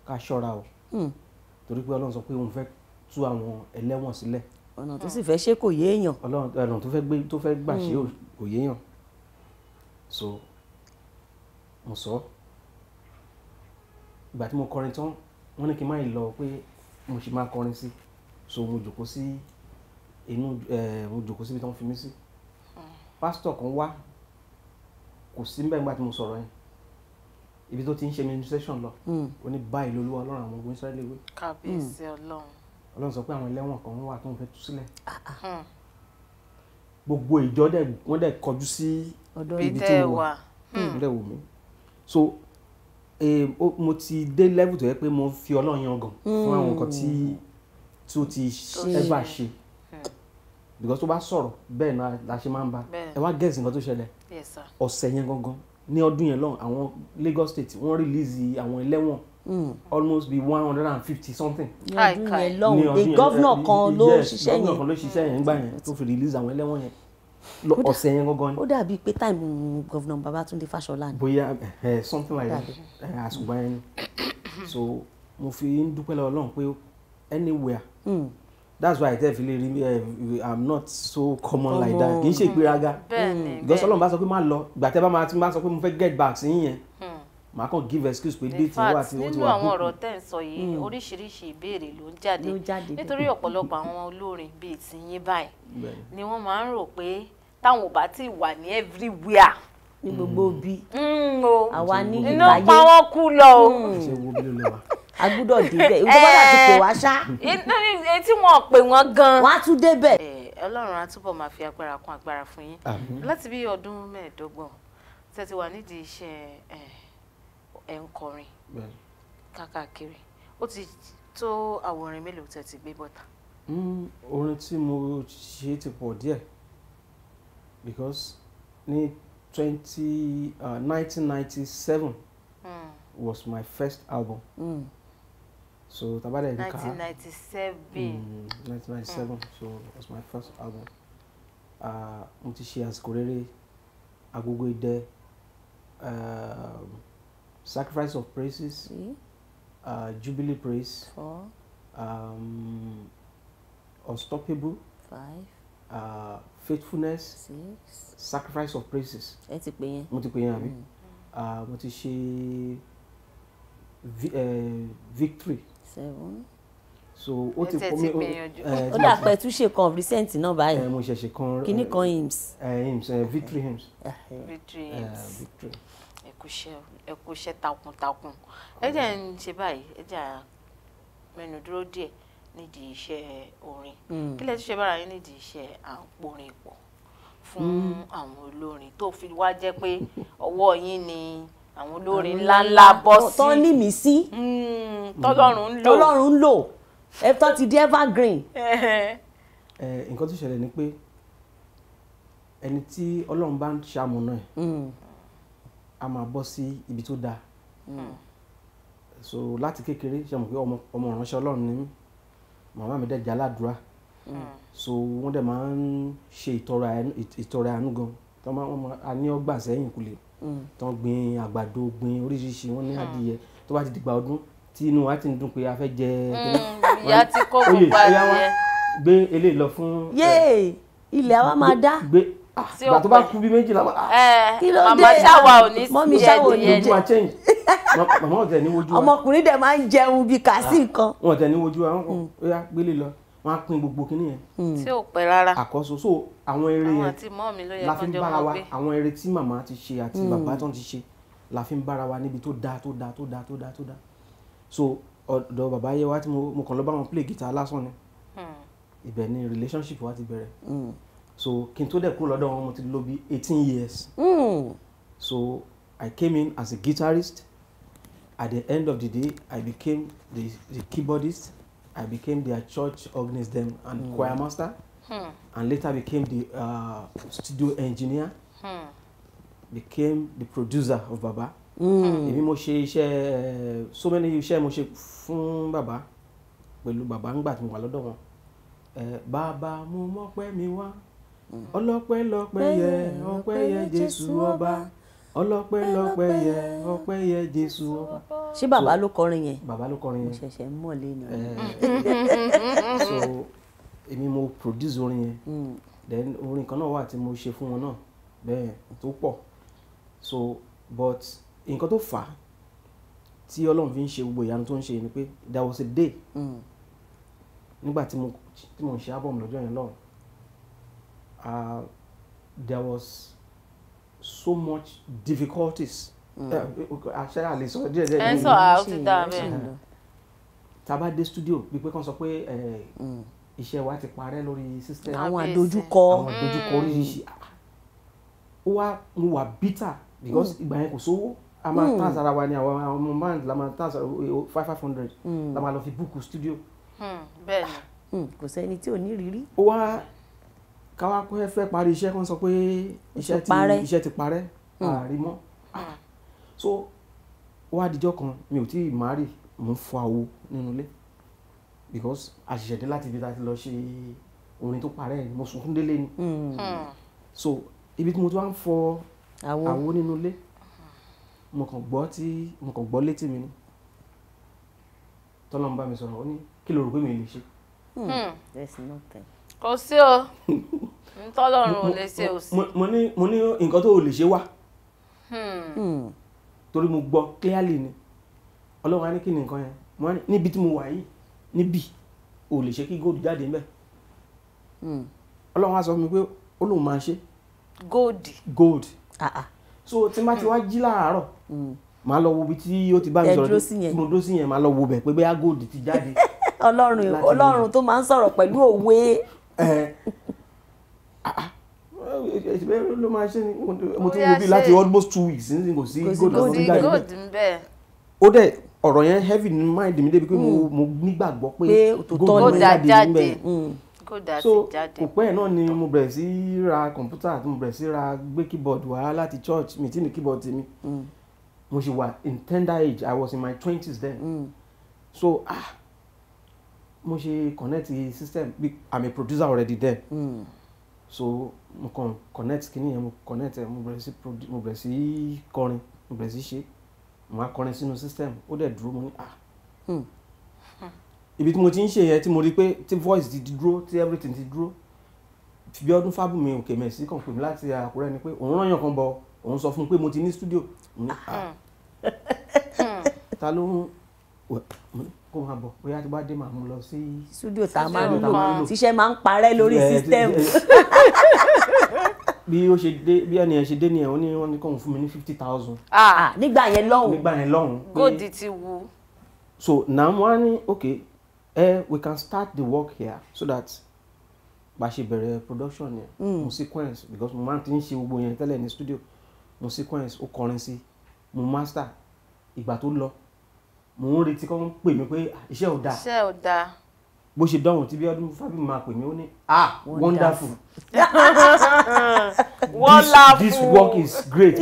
ká ṣọ́ra o torí pé ọlọ́run sọ pé òun fẹ́ tú àwọn ẹlẹ́wọ̀n sílẹ̀ ọ̀nà tó ah. sì fẹ́ ṣe kò yé èèyàn. ọ̀nà tó fẹ́ gbé tó fẹ́ gbà ṣe kò yé èèyàn so mo sọ. So, ìgbà tí mo kọrin tán wọ́n ní kí n má lọ pé mo sì máa kọrin sí so mo jòkó sí inú mo jòkó síbi tí wọ́n fi mí sí pásítọ̀ kan wá kò sí níbẹ̀ nígbà tí mo sọ̀rọ̀ yẹn ibi tó ti ń ṣe ministration lọ hmm. ó ní báyìí lolúwa ọlọ́run àwọn ogun Ísírẹ́lì wí. kàbíyèsí ọlọ́run. ọlọ́run sọ pé àwọn ẹlẹ́wọ̀n kan wà tó ń fẹ́ tú sílẹ̀ ah, ah. Hmm. gbogbo ìjọ wọ́n dẹ̀ kọjú sí ibi tí mo wà wọ́n wò mí so Eh, mo ti dé level tó yẹ pé mo fi ọlọ́run yan gan fún hmm. àwọn nǹkan tí tó ti ever ṣe hmm. because tó bá sọ̀rọ̀ bẹ́ẹ̀ náà la ṣe máa ń bá ẹ wá guess nǹkan tó ṣẹlẹ̀ ọ̀sẹ̀ yẹn gangan ní ọdún yẹn lọ́hùn àwọn Lagos state wọ́n release àwọn ẹlẹ́wọ̀n hmm. almost be one hundred and fifty something. ní ọdún yẹn lọ́hùn the governor kan ló ṣiṣẹ́ yẹn. governor eh, eh, kan ló ṣiṣẹ́ yẹn nígbà yẹn tó fi release àwọn ẹlẹ́wọ̀n yẹn ọ̀sẹ̀ yẹn gangan ni. ó dàbí pé táìmù gọ́vnà Babátúndé Fáṣọlá ni. bóyá eh, something like that eh, àṣùgbọ́n ẹni so mo fi ń dúpẹ́ lọ́wọ́ Ọlọ́run pé anywhere hmm. that's why i tell file ri eh, i'm not so common like that kì í ṣe ìgbéraga because Ọlọ́run bá sọ pé má lọ ìgbà tẹ́ bá máa ti máa sọ pé mo fẹ́ get back sí yẹn hmm màá kàn give excuse pé déètì wà tí wọ́n ti wà bùkún. nínú àwọn ọ̀rọ̀ tẹ́ ń sọ yìí hmm. oríṣiríṣi ìbéèrè ló ń jáde nítorí ọ̀pọ̀lọpọ̀ àwọn olórin bíi tiyín báyìí ni wọ́n máa ń rò pé táwọn ò bá ti wà ní everywhere ní gbogbo hmm. bí hmm, àwa ní ìbáyé inú pa wọn kú lọ o a gbúdọ̀ débẹ̀ ìjọba láti pè wá ṣá. etí wọn pè wọn gan. wọn á tún débẹ̀. ọlọ́run á túbọ̀ máa fi agbára kún agbára fún yín láti bí ọdún mẹ́ẹ̀ẹ́dọ́gbọ̀n tẹ́tí wà nídìí iṣẹ́ ẹ̀ ń kọrin káàkiri ó ti tó àwòrán mélòó tẹ̀ ti gbé bọ́ta. Hmm, orin tí mo ṣe ti pọ̀ díẹ̀ because ní twenty ah, nineteen ninety seven hmm. was my first album. Mm. So Tabada Edika. 1997. Mm, 1997. So it was my first album. Uh, mo ti ṣe àsìkò rere agogo idẹ. Uh, sacrifice of praises three uh, jubilee praise four um, unstoppable five uh, faithfulness six sacrifice of praises. ẹ ti pè yẹn mo ti pè yẹn àbí mm. uh, mo ti ṣe uh, victory. seven so ó ti fún mi eh, ó dà pé tún ṣe kan recent náà báyìí eh, mo ṣẹ̀ṣẹ̀ kan kíní eh, kan hymns. hymns victory hymns. victory hymns ẹkúṣẹ́ ẹkúṣẹ́ takuntakun ẹ jẹ́ ń ṣe báyìí ẹ jẹ́ mẹ́nu dúró díẹ̀ nídìí iṣẹ́ orin hmm. kí lẹ ti ṣe bára yín nídìí iṣẹ́ à ń porin pọ̀ fún hmm. àwọn olórin tó fi wá jẹ́ pé ọwọ́ yín ni àwọn olórin ńláńlá bọ́ sí tọ́ ní mí sí hmm, tọ́lọ́run ń lò tọ́lọ́run ń lò ẹ tọ́ ti di evergreen. Eh, nǹkan tó ṣẹlẹ̀ ni pé ẹni tí ọlọ́run bá ń ṣàmùnà ẹ̀ a máa bọ́ sí ibi tó dáa hmm. so láti kékeré ṣe mọ̀ pé ọmọ ìránṣẹ́ ọlọ́run ni mí màmá mi dẹ̀ jẹ́ aládùúrà hmm. so wọ́n dẹ̀ máa ń ṣe ìtọrẹ àánú gan tọ́ máa wọ́n a ní ọgbà sẹ́yìn kulè hmm. tọ́ gbin àgbàdo gbin oríṣiríṣi wọ́n ní adìyẹ tó bá ti dìgbà ọdún tí inú wa ti ń dùn pé a fẹ́ jẹ ìyá ti kọ́ gbogbo àdìyẹ gbé eléyìí lọ fún. Eh, yéè ilẹ̀ àwa máa dá. gbé Ah, ìgbà tó bá kú bí méjìlá ma. Ah. Eh, màmá ṣàwà ò ní sí ẹ̀dùn yẹn ni màmá ọ̀tẹ̀ ní wojú wa ọmọkùnrin dẹ̀ máa ń jẹun bíi kàásì ah, nǹkan. wọn ọ̀tẹ̀ ní wojú wa wọn kò hmm. yá gbélé lọ wọn á pín gbogbo kínní yẹn. Hmm. tí ò pẹ́ rárá àkọ́so so àwọn eré yẹn la fi ń bára wa àwọn eré tí màmá ti ṣe àti hmm. bàbá tó ti ṣe la fi ń bára wa níbi tó dáa tó dáa tó dáa tó dáa tó dáa so ọ̀dọ̀ bàbá yẹ wa tí mo kàn lọ bá wọn play guitar lásán ni ibẹ̀ ni relationship wa ti bẹ̀rẹ̀ so kí n tó dẹ̀ kúrò lọ́dọ̀ wọn mo ti lò bí eighteen years. Mm. so I came in as a guitarist at the end of the day I became the, the keyboardist I became their church organist them and mm. choir master hmm. and later became the uh, studio engineer hmm. became the producer of Baba. Hmm. èmi mo ṣe iṣẹ́ so many iṣẹ́ mo ṣe fún Baba pẹ̀lú Baba ńgbà tí mo wà lọ́dọ̀ wọn. Bàbá mo mọ̀ pé mi wá ọlọ́pẹ́ lọ́pẹ́ yẹ ọpẹ́ yẹ jésù ọba ọlọ́pẹ́ lọ́pẹ́ yẹ ọpẹ́ yẹ jésù ọba. ṣé bàbá ló kọrin yẹn bàbá ló kọrin yẹn mo ṣẹ̀ṣẹ̀ ń mọ̀ lẹ́nu. so èmi mo produce orin yẹn hmm. then orin kan náà wà tí mo ṣe fún wọn náà bẹ́ẹ̀ tó pọ̀ so but nǹkan tó fà á tí ọlọ́run fi ń ṣe gbogbo ìyanu tó ń ṣe ni pé there was a day hmm. nígbà tí mo ń ṣe album lọ́jọ́ yẹn lọ́run uh, there was so much difficulties. àṣẹ mm. àlè eh, eh, sọ díẹ̀ díẹ̀ ní ìlú tàbá dé studio bíi pé kàn sọ pé eh, mm. iṣẹ́ or ti I want to do àdójúkọ call. àdójúkọ mm. oríṣiríṣi ah, ó wá mo wà bitter because ìgbà yẹn kò sówó a máa a sára wa ni àwọn ọmọ band la máa tán sára five five hundred I'm máa lọ fi book studio. Hmm. hmm kò hmm. Because ò ní rírí. really. wá káwá pé fẹ́ parí iṣẹ́ kan sọ pé iṣẹ́ ti iṣẹ́ ti parẹ́ àárí hmm. mọ́ hmm. so wá àdìjọ́ kan mi ò tí ì má rì mo ń fọ àwo nínú ilé because àṣìṣe dé láti ibi tá a ti lọ ṣe orin tó parẹ́ mo sunkún délé ni hmm. so ibi tí mo ti wá ń fọ àwo nínú ilé mo kàn gbọ́ tí mo kàn gbọ́ létí mi ni tọ́lọ́mùbá mi sọ̀rọ̀ ó ní kí ló rò pé mi lè ṣe kò sí o ntọ́lọ́run ò lè ṣe ò sí. mo ní mo ní nǹkan tó o lè ṣe wá hmm. hmm. torí mo gbọ́ clearly ni ọlọ́run á ní kí ni nǹkan yẹn mo á ní níbi tí mo wà yìí níbi ò lè ṣe kí góòdù jáde ń bẹ̀ hmm. ọlọ́run á sọ mi pé ó lóun máa ṣe. gold. gold. Ah, ah. so tí n bá ti wá jí láàárọ̀ màá lọ wo ibi tí ó ti bá mi sọ̀rọ̀ tí mo dúró sí yẹn màá lọ wo bẹ̀ pé bóyá gold ti jáde. ọlọ́run ọlọ́run tó máa ń sọ̀rọ̀ pẹ̀lú òwe ló máa ṣe ni mo ti wo bí láti almost two weeks nísìnyí kò sí gold lọ́wọ́ tó jáde bẹ́ẹ̀ ó dẹ̀ ọ̀rọ̀ yẹn heavy ní mind mi débi pé mo hmm. nígbàgbọ́ pé gold ló jáde níbẹ̀ hmm. so kò pẹ́ ẹ̀ náà ni mo bẹ̀rẹ̀ sí ra kọ̀ǹpútà mo bẹ̀rẹ̀ sí ra gbé keyboard wá láti church mi tí ní keyboard ti mi hmm. mo ṣì wà in tender age I was in my twenties then so ah mo ṣe connect the system i'm a producer already there. mm. so mo kàn connect kinní yẹn mo connect ẹ mo bẹ̀rẹ̀ sí mo bẹ̀rẹ̀ sí kọrin mo bẹ̀rẹ̀ sí ṣe mo á kọrin sínú system ó dẹ̀ dúró mo ní ah hmm. ibi tí mo ti ń ṣe yẹn tí mo rí pé tí voice ti dúró tí everything ti dúró bí ọdún fábùmí òkè mẹ́sì kàn pè mí láti àkúrẹ́ ni pé òun rán kan bọ̀ òun sọ fún un pé mo ti ní studio ah. hmm. ta ló ń kó máa bọ̀ bóyá tí bá dé màá mú lọ sí. studio tá a máa ń lò tíṣẹ́ máa ń parẹ́ lórí system. bí ó ṣe dé bí ẹnìyẹn ṣe dé nìyẹn ó ní wọn ní fún mi ní fifty thousand. Ah. ah nígbà yẹn lọ́hùn. nígbà yẹn lọ́hùn. góòdì ti wu. so now wọn á ní okay eh, we can start the work here so that bá a ṣe bẹ̀rẹ̀ production yẹn mm. mo sequence because mo máa ti ń ṣe gbogbo yẹn tẹ́lẹ̀ ní studio mo sequence ó kọrin sí mo master ìgbà tó lọ mò ń retí kọ́ ń pè mí pé iṣẹ́ ò dáa iṣẹ́ ò dáa bó ṣe dánwò tí Bíọ́dún Fábíyì máa pè mí ó ní ah wonderful wonderful this this work is great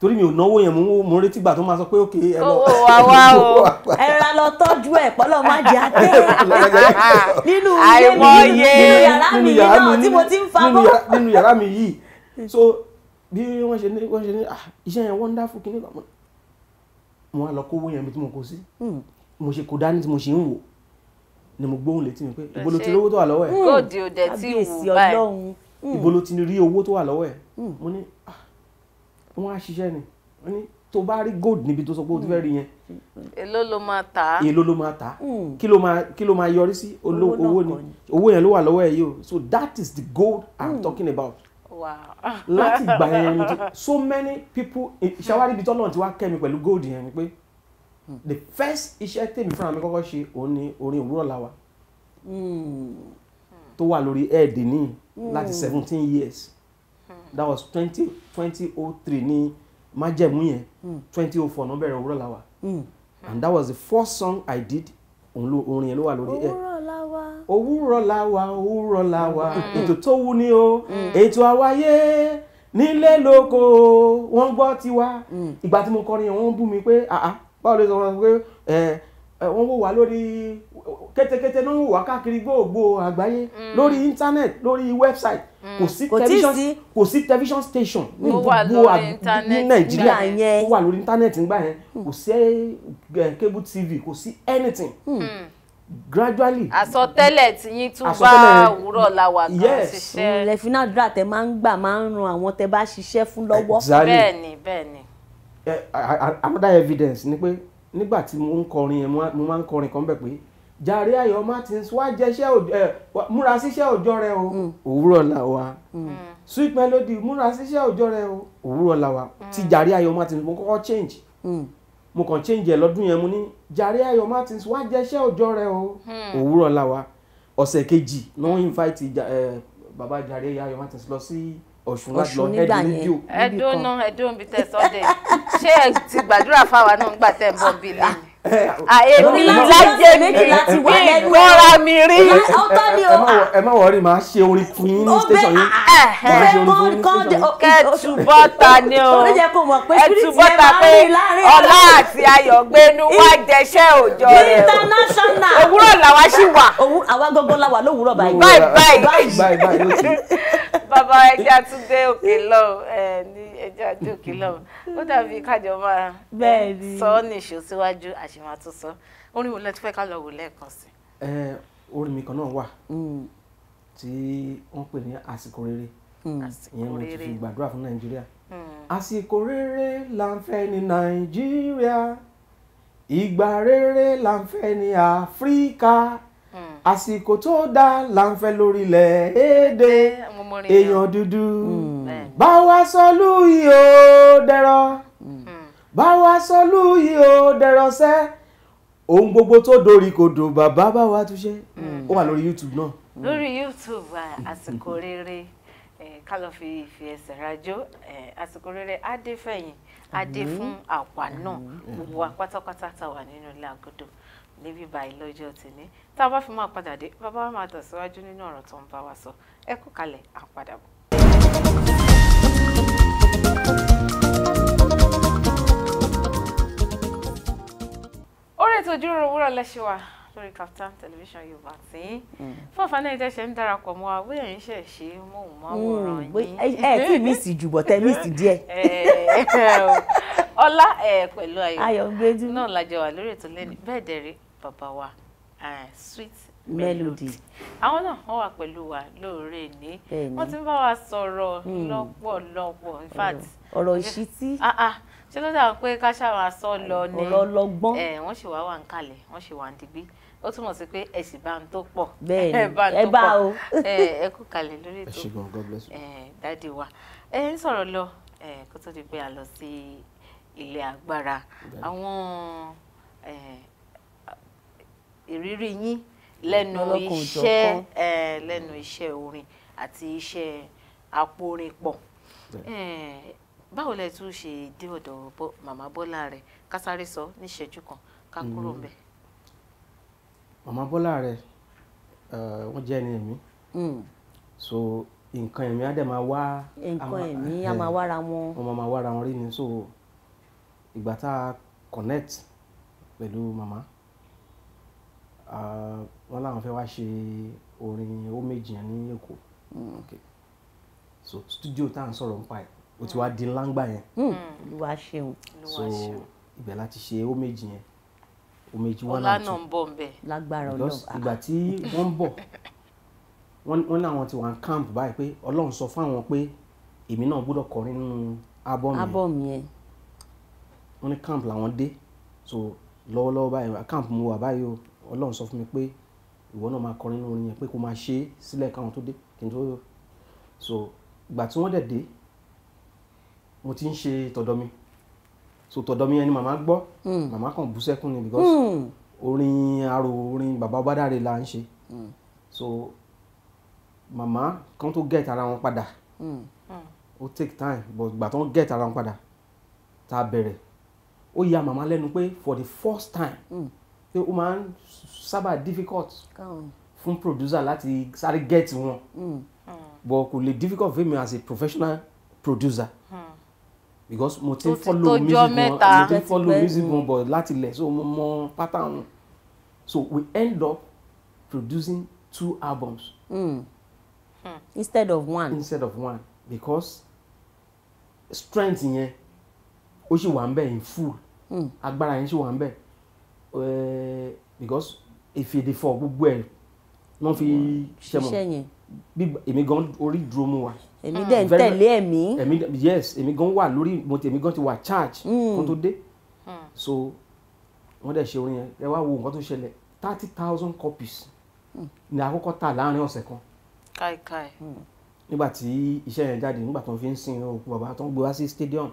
torí mi ò náwó yẹn mo ń retí gbà tó máa sọ pé ókè ẹ lọ. owó wa wá o ẹ ra lọ tọ́jú ẹ̀ pọ́lọ́ má jẹ́ àtẹ́ nínú ilé mi nínú yàrá mi yìí náà tí mo ti ń fa bọ́. nínú yàrá mi yìí so bí wọ́n ṣe ní iṣẹ́ yẹn wonderful kí ni kàmú mo wá lọ kówó yẹn bí tí mo kó sí hmm. mo ṣe kó dání tí mo ṣe ń wò ni mo gbóhùn létí mi pé ibo ló ti lówó tó wà lọ́wọ́ ẹ̀. kóòdì òde tí wù báyìí hmm. ibo ti rí owó tó wà lọ́wọ́ ẹ̀ hmm. mo ní ah, wọ́n á ṣiṣẹ́ ni wọ́n ní tó bá rí gold níbi tó sọ pé o ti fẹ́ rí yẹn. èló ló máa tà á. èló ló máa tà á kí ló máa yọrí sí owó yẹn ló wà lọ́wọ́ ẹ̀ yìí o so that is the gold I'm talking about láti gbà yẹn so many people ṣàwárí ibi tọ́lọ́run ti wá kẹ́mi pẹ̀lú gold yẹn ni pé the first iṣẹ́ tèmi fúnra mi kọ́kọ́ ṣe òun ni orin òwúrọ̀ làwà hmm. tó wà lórí ẹ̀ẹ́dì ní hmm. láti seventeen years hmm. that was twenty twenty oh three ní májẹ̀mú yẹn twenty oh four náà bẹ̀rẹ̀ òwúrọ̀ làwà and that was the first song I did òun ló orin yẹn ló wà lórí ẹ òwúrọ̀ la wà òwúrọ̀ la wà mm. ètò tó wú ni o mm. ètò àwáyé nílé lóko wọ́n gbọ́ tiwa mm. ìgbà tí mo kọrin yẹn wọ́n bú mi pé báwo ló sọ wọn pé Eh, wọ́n wò wá lórí kẹ́tẹ́kẹ́tẹ́ náà wò wá káàkiri gbòògbò àgbáyé mm. lórí internet lórí website mm. kò sí television kò sí television station ní gbogbo ní nàìjíríà tó wà lórí internet nígbà yẹn hmm. kò sí eh, cable tv kò sí anything. Mm. Mm gradually. àsọtẹ́lẹ̀ tí yín tún bá òwúrọ̀ la wà kan ṣiṣẹ́. ilẹ̀ finadra tẹ máa ń gbà máa ń ran àwọn tẹ bá ṣiṣẹ́ fún lọ́wọ́. bẹ́ẹ̀ni bẹ́ẹ̀ni. Eh, another evidence ni pé nígbà tí mo ń kọrin yẹn mo máa ń kọrin kan bẹ̀ pé jàre ayọ̀ martins wá jẹṣẹ́ ẹ múra síṣẹ́ òòjọ́ mm. mm. rẹ o òwúrọ̀ là wá sweet melody mm. múra síṣẹ́ òòjọ́ rẹ o òwúrọ̀ là wá ti jàre ayọ̀ martins mo kọ́kọ́ change mo kàn change ẹ̀ lọ́dún yẹn mo ní jàre ayọ̀ martins wá jẹṣẹ́ òòjọ́ rẹ o òwúrọ̀ là wá ọ̀sẹ̀ kejì ni wọ́n invite bàbá jàre ayọ̀ martins lọ sí. Si, ọ̀ṣun láti lọ ẹ̀dùn níbí o. ẹ̀dùn náà ẹ̀dùn bíi tẹ̀sán dé ṣé ẹ ti gbàdúrà fáwa náà ń gbà tẹ̀ ń bọ̀ bíi lẹ́yìn èmi lájẹ mi ìgbọ́ra mi rí. ẹ má wọrí màá ṣe orin fún yín ní station yín. kẹtùbọ́ta ni o ẹtùbọ́ta pé ọlá àti ayọ̀ gbénu wá jẹṣẹ́ òòjọ́ rẹ̀ o òwúrọ̀ làwa ṣì wà. àwa gbogbo la wà lówùúrọ̀ báyìí. báyìí báyìí bàbá ẹjẹ àtúndé òkè lọ ní ẹjẹ àtúndé òkè lọ ó dàbí kájọ máa sọ ọ́ nìṣó síwájú àṣẹ ṣe máa tún sọ orin wo lẹ tún fẹ́ ká lọ wò lẹ́ẹ̀kan sí. ẹ orin mi kan náà wà mm. tí wọ́n pè ní mm. àsìkò rere ìyẹn mo ti fi mm. gbàdúrà fún nàìjíríà àsìkò rere là ń fẹ́ ní nàìjíríà ìgbà rere là ń fẹ́ ní áfíríkà àsìkò tó dáa là ń fẹ́ lórílẹ̀ èdè èèyàn dúdú bá wa sọ lùyìí ó dẹ̀rọ̀ bá wa sọlú yìí ó dẹrọsẹ ohun gbogbo tó dorí kodò bàbá bá wa túnṣe hmm. ó wà lórí YouTube náà. lórí YouTube àsìkò rere ká fi fi ìfẹ́ ẹsẹ̀ rajó àsìkò rere adéfẹ̀yìn adé hmm. fún àwa náà hmm. gbogbo wa pátápátá tá a wà nínú ilé agodo níbí báyìí lọ́jọ́ tèmi tá a bá fi máa padà dé bàbá wa máa tẹ̀síwájú nínú ọ̀rọ̀ tó ń bá wa sọ ẹ kú kalẹ̀ àpadàbọ̀. thank you lórí ètò ìjíròrò òwúrọ̀ lẹ́ṣẹ̀ wa lórí Kaftan television yorùbá tí fún àǹfààní ẹ̀jẹ̀ ṣe ń darapọ̀ mọ́ wa bóyá ẹ̀yin ṣe ṣe móhùnmáwòrán yín. ẹ ẹ tí mísì jù bọ̀ tẹ mísì díẹ̀. ọlá ẹ pẹ̀lú ayọ̀ náà lájọ wà lórí ètò lẹ́nu bẹ́ẹ̀ dẹ̀rẹ̀ bàbá wa sweet melody àwọn náà wọn wà pẹ̀lú wa lóore ní wọ́n ti ń bá wa sọ̀rọ̀ lọ́pọ̀lọpọ̀ in fact ọ̀rọ̀ ìṣítí ṣé ló dàbí pé ká ṣàwọn aṣọ lọ ni ọ̀rọ̀ ọlọgbọ́n ẹ wọ́n sì wá wà ń kalẹ̀ wọ́n sì wà ń digbí ó túmọ̀ sí pé ẹ bá ń tó pọ̀ bẹ́ẹ̀ ni ẹ bá o ẹ kú kalẹ̀ lórí ètò ẹ dáàdi wa ẹ ń sọ̀rọ̀ lọ ẹ kó tó di pé a lọ sí ilé agbára àwọn ìrírí yín lẹ́nu iṣẹ́ lẹ́nu iṣẹ́ orin àti iṣẹ́ àpòrin pọ̀ báwo lẹ tún ṣe dé ọ̀dọ̀ màmá bọ́lá rẹ̀ ká sáré sọ níṣẹ́jú kan ká mm. kúrò ń bẹ̀. màmá bọ́lá rẹ̀ wọ́n jẹ́ ẹni ẹ̀mí mm. so nǹkan ẹ̀mí á dẹ̀ máa wá. nǹkan ẹ̀mí á máa wára wọn. wọ́n máa wára wọn rí ni so ìgbà tá a connect pẹ̀lú màmá wọ́n láwọn fẹ́ wá ṣe orin ó méjì yẹn ní èkó mm. so studio tá à ń sọ̀rọ̀ nípa ẹ̀ ó ti wá di láǹgbà yẹn. Hmm. Hmm. olúwa ṣeun. so ibẹ̀ láti ṣe ó méjì yẹn ó méjì wọn náà tún ọlá náà ń bọ̀ nbẹ̀. lágbára ọlọ́run ìgbà tí wọ́n ń bọ̀ wọ́n ní àwọn ti wà ń camp báyìí pé ọlọ́run sọ fáwọn pé èmi náà gbọ́dọ̀ kọrin nínú ábọ́ọ̀mù yẹn wọ́n ní camp làwọn dé so lọ́wọ́lọ́wọ́ báyìí camp mu wà báyìí o ọlọ́run sọ fún mi pé ìwọ náà máa kọrin nínú orin yẹn pé kó máa ṣe é sílẹ̀ káwọn tó dé kí n tó so ìgbà tí wọ́n dẹ̀ dé mo ti ń ṣe tọ̀dọ̀ so tọ̀dọ̀ mi yẹn ni màmá gbọ́ hmm. màmá kàn bú sẹ́kún ni because hmm. orin arò orin bàbá bádàre la ń ṣe hmm. so màmá kan tó get ara wọn padà ó take time but gbà tó ń get ara wọn padà tá a bẹ̀rẹ̀ ó ya màmá lẹ́nu pé for the first time pé ó máa ń sábà difficult fún producer láti sáré get wọn but kò lè difficult for me as a professional producer. Mm because mo ti follow music mo mo ti follow music mo but láti lẹ̀ so mo mọ pattern so we end up producing two albums. Mm. instead of one. instead of one because strength yẹn ó sì wà ń in full Agbara hmm. agbára yẹn sì wà eh, because èfèdè fọ gbogbo ẹ̀ ló fi ṣe mọ̀ èmi gan orí dúró mu wa èmi dẹ̀ ń ah, tẹ̀lé ẹ̀mí. ẹ̀mí yes èmi gan wà lórí mo tèmi gan ti wà charge hmm. kó tó dé hmm. so wọ́n dẹ̀ ṣe orin yẹn ẹ wá wo nǹkan tó ṣẹlẹ̀ thirty thousand copies hmm. ni àkọ́kọ́ tà láàrin ọ̀sẹ̀ kan. káìkáì. nígbà tí iṣẹ́ yẹn jáde nígbà tó ń fi ń sin òkú bàbá tó ń gbé wá sí stadium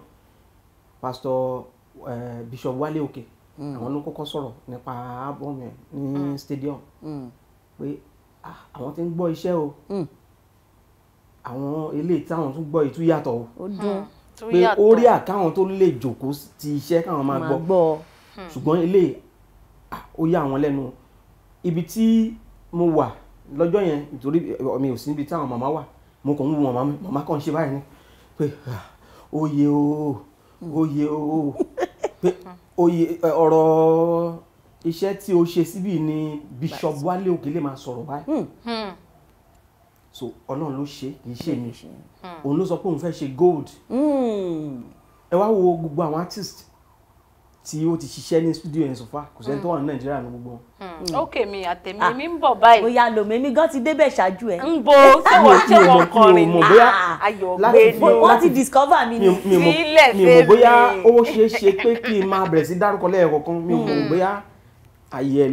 pastor eh, bishop wálé òkè àwọn ló kọ́kọ́ sọ̀rọ̀ nípa album yẹn ní stadium pé ah, àwọn ti ń gbọ́ iṣẹ́ o àwọn ilé táwọn tún gbọ́ ìtú yàtọ̀ o hmm, pé orí àkáwọn tó lè jòkó ti iṣẹ́ káwọn máa gbọ́ hmm. ṣùgbọ́n ilé ó yà wọ́n lẹ́nu ibi tí mo wà lọ́jọ́ yẹn nítorí eh, mi ò sí níbi táwọn màmá wà mo kàn ń wo màmá kan ṣe báyìí ni pé oyè o oyè o pé oyè eh, ọ̀rọ̀ iṣẹ́ tí o ṣe síbí ni Bishop Wálé Òkèlè máa sọ̀rọ̀ báyìí. Hmm so ọlọ́run ló ṣe kì í ṣe mi hmm. òun ló sọ pé òun fẹ́ ṣe gold hmm. ẹ wá wo gbogbo àwọn artist tí ó ti ṣiṣẹ́ ní studio yẹn so far kò sẹ́ni tó wà ní hmm. nàìjíríà ní gbogbo wọn. ok mi àtẹ̀mí ah, mi ń bọ̀ báyìí. bóyá lòmí mi gan ti débẹ̀ ṣáájú ẹ. ń bo tí wọ́n ṣe wọ́n kọrin ní ah, ayọ̀ gbé ni. wọ́n ti discover mi ní sílẹ̀ fèmí. mi mọ̀ bóyá ó ṣeé ṣe pé kí n máa bẹ̀rẹ̀ sí dárúkọ lẹ́ẹ̀kọ̀kan mi mọ̀ bóyá ayé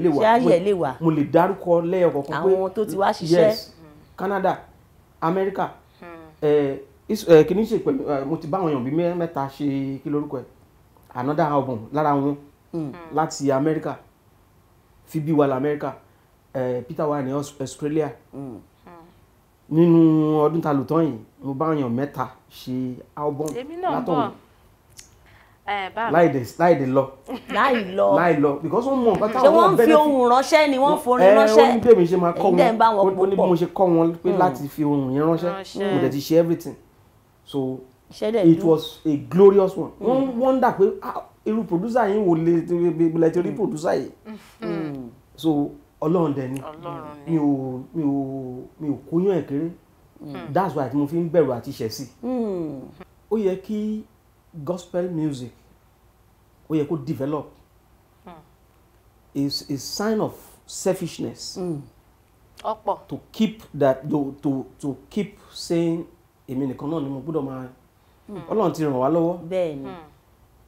lè wà mo lè dárúkọ lẹ́ẹ̀kọ̀kan pé àwọn Canada America hmm. eh, eh, kìíní ṣe pẹ̀lú eh, mo ti bá àwọn èèyàn bíi mẹ́ta ṣe kí lórúkọ ẹ̀ another album lára wọn hmm. láti America Phoebe wà America, Peter wà ní Australia hmm. nínú ọdún ta lò tán yìí mo bá àwọn èèyàn mẹ́ta ṣe album látọ̀hún láìdè lọ láì lọ because wọ́n mọ̀ nǹkan táwọn náà bẹ́ẹ̀ ṣé wọ́n fi ohun ránṣẹ́ ni wọ́n forin ránṣẹ́ ẹ ó ní bẹ́ẹ̀ mi ṣe máa kọ́ wọn ó ní bí mo ṣe kọ́ wọn pé hmm. láti fi ohun yẹn ránṣẹ́ mo dẹ̀ ti ṣe everything so it was a glorious one hmm. wọ́n wonder pé ah, irú producer yìí wò lè ti rí hmm. producer yìí so ọlọ́run dẹ̀ ni mi ò mi ò ẹ̀ kéré that's why mo fi ń bẹ̀rù àti ṣẹ̀ sí ó yẹ kí gospel music ó yẹ kó develop mm. is a sign of selfishness. Mm. to keep that to to to keep saying èmi nìkan náà ni mo gbọ́dọ̀ máa hmm. ọlọ́run ti ràn wá lọ́wọ́ hmm.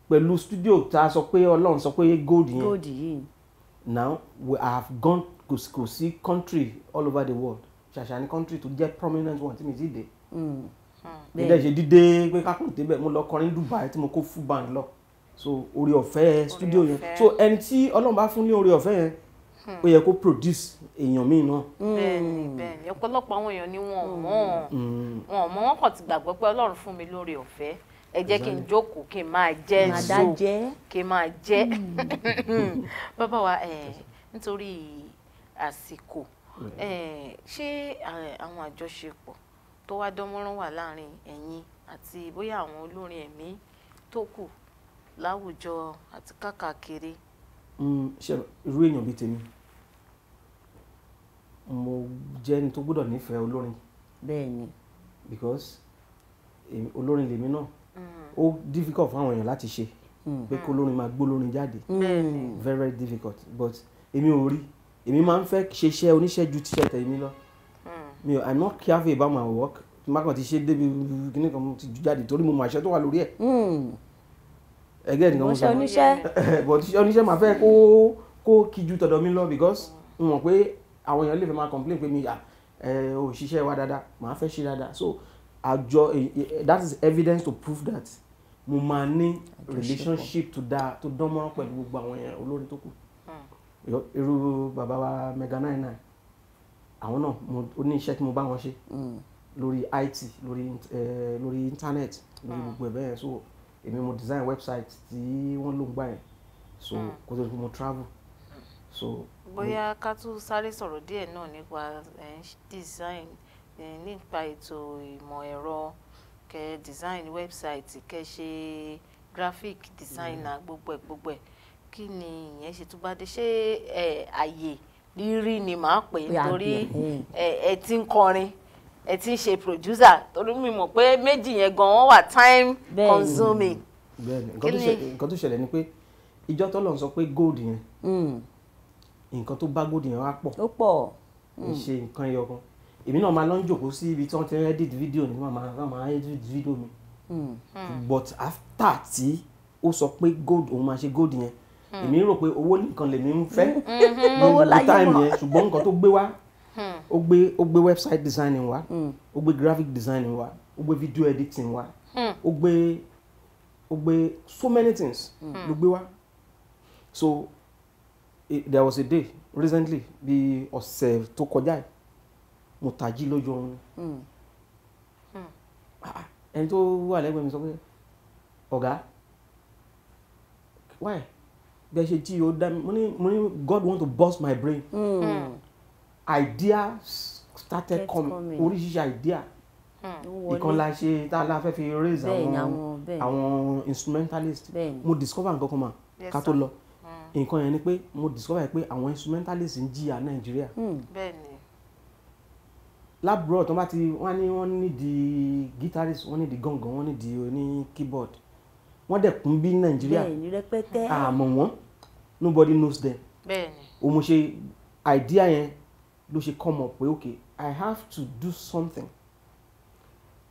pẹ̀lú studio tá a sọ pé ọlọ́run sọ pé gold yẹn now we have gone kò sí country all over the world ṣàṣà ni country tó jẹ́ prominent one tí mi ti dé. Hmm mi dẹ́ ṣe dídé pé kákùn débẹ̀ mo lọ kọrin Dubai tí mo kó full band lọ so orí ọ̀fẹ́ studio yẹn so ẹni tí Ọlọ́run bá fún ní orí ọ̀fẹ́ yẹn hmm. ó yẹ kó produce èèyàn míì náà. Hmm. bẹ́ẹ̀ni bẹ́ẹ̀ni ọ̀pọ̀lọpọ̀ àwọn èèyàn ni wọn ò mọ̀ hmm. wọn ò mọ̀ wọn kàn ti gbàgbọ́ pé Ọlọ́run fún mi lórí ọ̀fẹ́ ẹ jẹ́ kí n jókòó kí n máa jẹ́ so kí n máa jẹ́ bàbá wa nítorí àsìkò ṣé àwọn àjọṣepọ̀ tó wá dánmọ́rán wà láàrin ẹ̀yin àti bóyá àwọn olórin ẹ̀mí tó kù láwùjọ àti káàkiri. Hmm, ṣé irú èèyàn bíi tèmi mo jẹ́ ẹni tó gbọ́dọ̀ nífẹ̀ẹ́ olórin. bẹ́ẹ̀ni. because olórin lèmi náà hmm. ó difficult fún àwọn èèyàn láti ṣe hmm. pé kó lórin máa gbólórin jáde very very difficult but èmi ò rí èmi máa ń fẹ́ ṣe iṣẹ́ oníṣẹ́ ju tíṣẹ́ tẹ̀mí lọ mi i'm not careful about my work tí má kàn ti ṣe débi kíní kan ti jáde torí mo mọ àṣẹ tó wà lórí ẹ̀ hmm. ẹgẹ́ nìkan mo sọ mo ṣe oníṣẹ́ oníṣẹ́ máa fẹ́ kó kó kíjú tọ̀dọ̀ mi lọ because n mọ̀ pé àwọn èèyàn lè fẹ́ máa complain pé mi à ah, ẹ ò ṣiṣẹ́ wa dáadáa màá fẹ́ ṣe dáadáa so àjọ e, e, that is evidence to prove that mo máa ní relationship tó dáa tó dánmọ́rán pẹ̀lú gbogbo àwọn olórin tó kù hmm. irú bàbá wa mega nine nine àwọn náà ó ní iṣẹ́ tí mo bá wọn ṣe mm. lórí IT lórí eh, lórí internet lórí mm. gbogbo ẹ̀ bẹ́ẹ̀ so èmi mo design website tí wọ́n ló ń gbà yẹn so mm. kó tó di pé mo travel so. bóyá ká tún sáré sọ̀rọ̀ díẹ̀ náà nípa eh, design eh, nípa ètò ìmọ̀ ẹ̀rọ kẹ́ design website kẹ́ ṣe graphic designer gbogbo ẹ̀ gbogbo ẹ̀ kí ni ìyẹn ṣe tó dé ṣé àyè rírí ni màá pè é torí hmm. ẹ ti ń kọrin ẹ ti ń ṣe producer torí mi mọ̀ pé méjì yẹn gan wọ́n wà time consuming. bẹ́ẹ̀ni nǹkan tó ṣẹlẹ̀ ni pé ìjọ tó lọ sọ pé gold yẹn hmm. nǹkan tó bá gold yẹn wá pọ̀ ó pọ̀ ń hmm. ṣe nǹkan ẹyọ kan èmi náà máa lọ ń jòkó sí ibi tí wọ́n ti edit video ni wọ́n máa máa edit video mi but after tí ó sọ pé gold òun máa ṣe gold yẹn Hmm. èmi rò pé owó nìkan lèmi ń fẹ́ ní hmm. hmm. táìmù yẹn ṣùgbọ́n nǹkan tó gbé wá ó gbé ó gbé website designing wá ó gbé graphic designing wá ó gbé video editing wá ó gbé ó gbé so many things ló gbé wá so eh, there was a day recently bí ọ̀sẹ̀ tó kọjá yìí mo tají lójú oorun ah, ah, ẹni tó wà lẹ́gbẹ̀ẹ́ mi sọ pé ọ̀gá why bẹ́ẹ̀ ṣe jí o dá mi mo ní God want to burst my brain mm. idea started Get coming oríṣiríṣi idea hmm. ìkan la ṣe tá a la fẹ́ fi raise àwọn àwọn instrumentalist mo discover nǹkan kan mà ká tó lọ hmm. nǹkan yẹn ni pé mo discover pé àwọn instrumentalist ń jìyà Nàìjíríà lábúrò tó bá ti wọ́n ní wọ́n ní di guitarist wọ́n ní di gángan wọ́n ní di oní keyboard wọ́n dẹ̀ kún bí Nàìjíríà àmọ́ wọ́n nobody knows them o mo ṣe idea yẹn ló ṣe come up pé okay I have to do something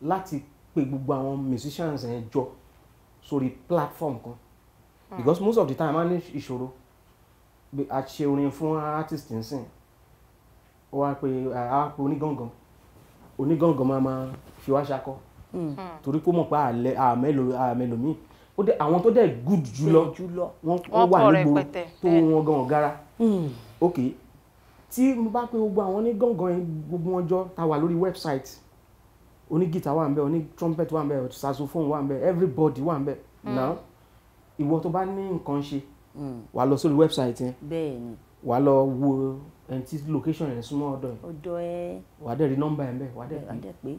láti pe gbogbo àwọn musicians yẹn jọ sórí platform kan hmm. because most of the time a ní ìṣòro a ṣe orin fún artist nsìn ó wá pé a pe onígangan onígangan máa ma fi wá ṣakọ hmm. Hmm. torí kó mọ̀ pé àmẹ́lòmíì ó dẹ àwọn tó dẹ good jùlọ wọn wà nígboro tó wọn gan ọgára hmm. ok tí mo bá pè gbogbo àwọn ní gángan yẹn gbogbo wọn jọ ta wà lórí website oní guitar wà ń bẹ oní trumpet wà ń bẹ saxophone wà ń bẹ everybody wà ń bẹ náà ìwọ tó bá ní nǹkan ṣe hmm. wà lọ sórí website yẹn wà lọ wo ẹni tí location yẹn súnmọ́ ọ̀dọ̀ yẹn wà á dẹ̀ rí nọ́mbà yẹn bẹ́ẹ̀ wà á dẹ̀ pè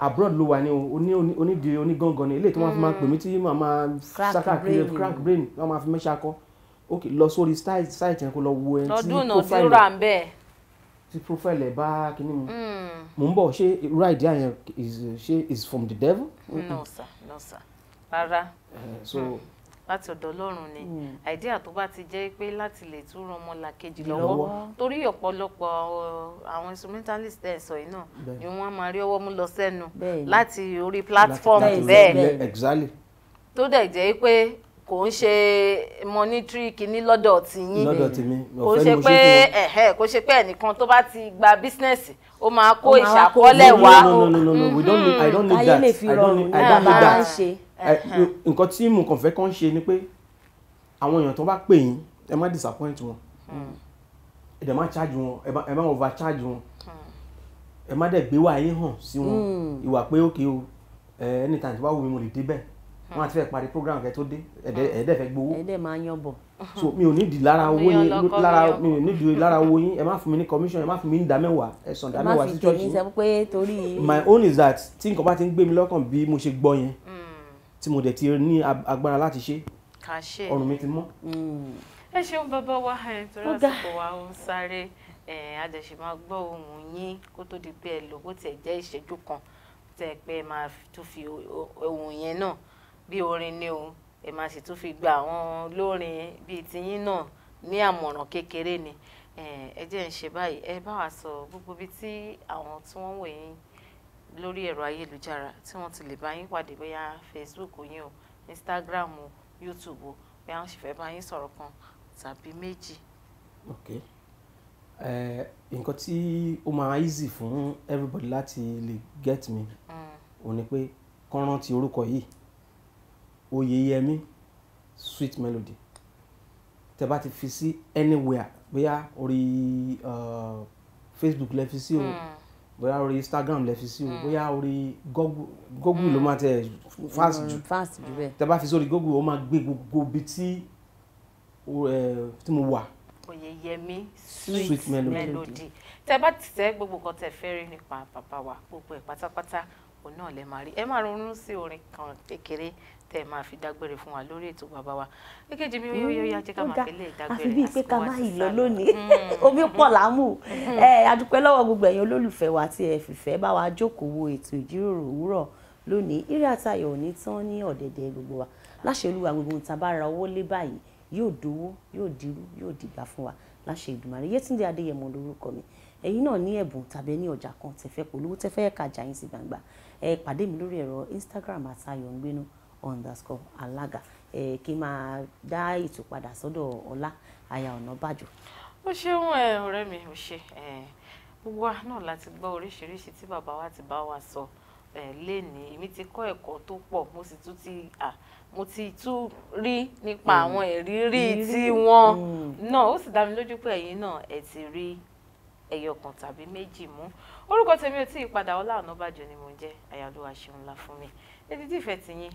abroad ló wà ní onídìrí onígangan ní ilé tí wọ́n fi máa pè mí tí màá máa ṣàkàkiri crack brain wọ́n máa fi mí ṣakọ́ ok lọ sórí site yẹn kó lọ wo ẹni tí profile ẹ tí profile ẹ bá kíní mu hmm. mò ń bọ̀ ṣé irú yẹn is from the devil. no sir no sir rárá. Eh, so hmm láti ọ̀dọ̀ ọlọ́run ni àìdíà hmm. tó bá ti jẹ́ pé láti lè tún ran ọmọlàkejì lọ́wọ́ torí ọ̀pọ̀lọpọ̀ eh, àwọn instrumentalist ẹ̀ sọ yìí náà ni wọ́n máa rí ọwọ́ mú lọ sẹ́nu láti orí platform bẹ́ẹ̀ tó dẹ̀ jẹ́ pé kò ń ṣe monetary kinní lọ́dọ̀ tí yín kò ṣe pé ẹ̀hẹ́ kò ṣe pé ẹnìkan tó bá ti gba bísínẹ́sì ó máa kó ìṣàkọọ́lẹ̀ wá. no no no no we don't need i don't need that nǹkan tí mo kàn fẹ́ kàn ṣe ni pé àwọn èèyàn tó bá pè yín ẹ má disappoint wọn hmm. ẹ dẹ̀ má charge wọn ẹ má over charge wọn hmm. ẹ má dẹ̀ gbé wá yín hàn sí wọn hmm. ìwà pé òkè o anytime tó bá wù mí mo lè débẹ̀ wọn àti fẹ́ parí program kẹ́ tó dé ẹ fẹ́ gbowó ẹ máa yan bọ̀ so mi ò nídìí lára owó yín lára mi ò nídìí lára owó yín ẹ má fún mi ní commission ẹ má fún mi ní ìdámẹ́wàá ẹ sàn ìdámẹ́wàá sí church yín my own is that tí nǹkan bá ti ń gbé mi lọ́kàn bí mo ṣe gbọ́ yẹn tí mo dẹ̀ ti ní agbára láti ṣe ọrùn mi ti mọ́. Hmm. ẹ ṣeun bàbá wa ẹ torí àsìkò wa ń sáré adẹ̀sẹ̀ máa gbọ́ ohùn yín kó tó di pé ẹ lò bó tiẹ̀ jẹ́ ìṣẹ́jú kan tẹ́ pé ẹ máa tún fi ohùn yẹn náà bí orin ni o ẹ máa sì tún fi gba àwọn olórin bíi tiyín náà ní àmọ̀ràn kékeré ni ẹ jẹ́ ń ṣe báyìí ẹ bá wa sọ gbogbo ibi tí àwọn tí wọ́n wò yín lórí ẹ̀rọ ayélujára tí wọ́n ti lè bá yín pàdé bóyá Facebook yín o Instagram o YouTube o bóyá wọ́n sì fẹ́ bá yín sọ̀rọ̀ kan tàbí méjì. okay nǹkan tí ó máa easy fún everybody láti lè get me mm. òun ni pé kán rántí orúkọ yìí Oyeyemi Sweet Melody tẹ bá ti fi sí anywhere bóyá orí uh, Facebook lẹ fi sí o. Mm bóyá orí instagram lẹ fi sí o mm. bóyá orí google ló mm. máa tẹ fast jù mm, fast jù bẹ́ẹ̀ tẹ bá fi sórí google ó máa gbé gbogbo ibi tí tí mo wà. oyeyemi sweet melody tẹ bá ti tẹ gbogbo nǹkan tẹ fẹ́ rí nípa bàbá wa gbogbo ẹ̀ pátápátá òun náà lè máa rí ẹ máa ronú sí orin kan kékeré tẹ́ ẹ máa fi dágbére fún wa lórí ètò bàbá wa èkejì mi yóò yóò yá jẹ́ ká máa fẹ́lẹ̀ dágbére àfi bíi pé ká má yìí lọ lónìí hmm. omi pọ̀ lámù hmm. ẹ adúpẹ́ lọ́wọ́ gbogbo ẹ̀yin olólùfẹ́ wa tí ẹ fìfẹ́ bá wa jókòó wo ètò ìjíròrò òwúrọ̀ lónìí eré àtayọ̀ òní tán ní ọ̀dẹ̀dẹ̀ gbogbo wa láṣẹ olúwa gbogbo ohun tá a bá ra owó lé báyìí yóò dówó yóò dirú yóò dìgbà fún wa láṣẹ Èdùmàrè Yétúndé Adéyẹmọ lórúkọ mi ẹ̀yin náà ní ẹ̀bùn tàbí ní ọjà kan tẹfẹ polówó tẹfẹ ẹka jà yín sí gbangba ẹ pàdé mi lórí ẹ̀rọ Instagram àtayọ̀ ń gbénu underscore alága eh, kí máa dá ìtúpadà sọ́dọ̀ ọlá aya ọ̀nàbàjò. ó ṣeun ẹ ọ̀rẹ́ mi ò ṣe gbogbo wa náà láti gbọ́ oríṣiríṣi tí bàbá wa ti bá wa sọ lénìí èmi ti kọ́ ẹ̀kọ́ tó pọ̀ mo sì tún ti mo ti tún rí nípa hmm. àwọn ìrírí tí wọ́n hmm. náà ó sì dá mi lójú pé ẹ̀yin náà ẹ ti rí ẹyọkan tàbí méjì mú orúkọ tèmi ò tí ì padà Ọlá Ọ̀nàbàjọ ni mo jẹ́ àyàlúwa ṣeun ńlá fún mi ní títí ìfẹ́ tiyín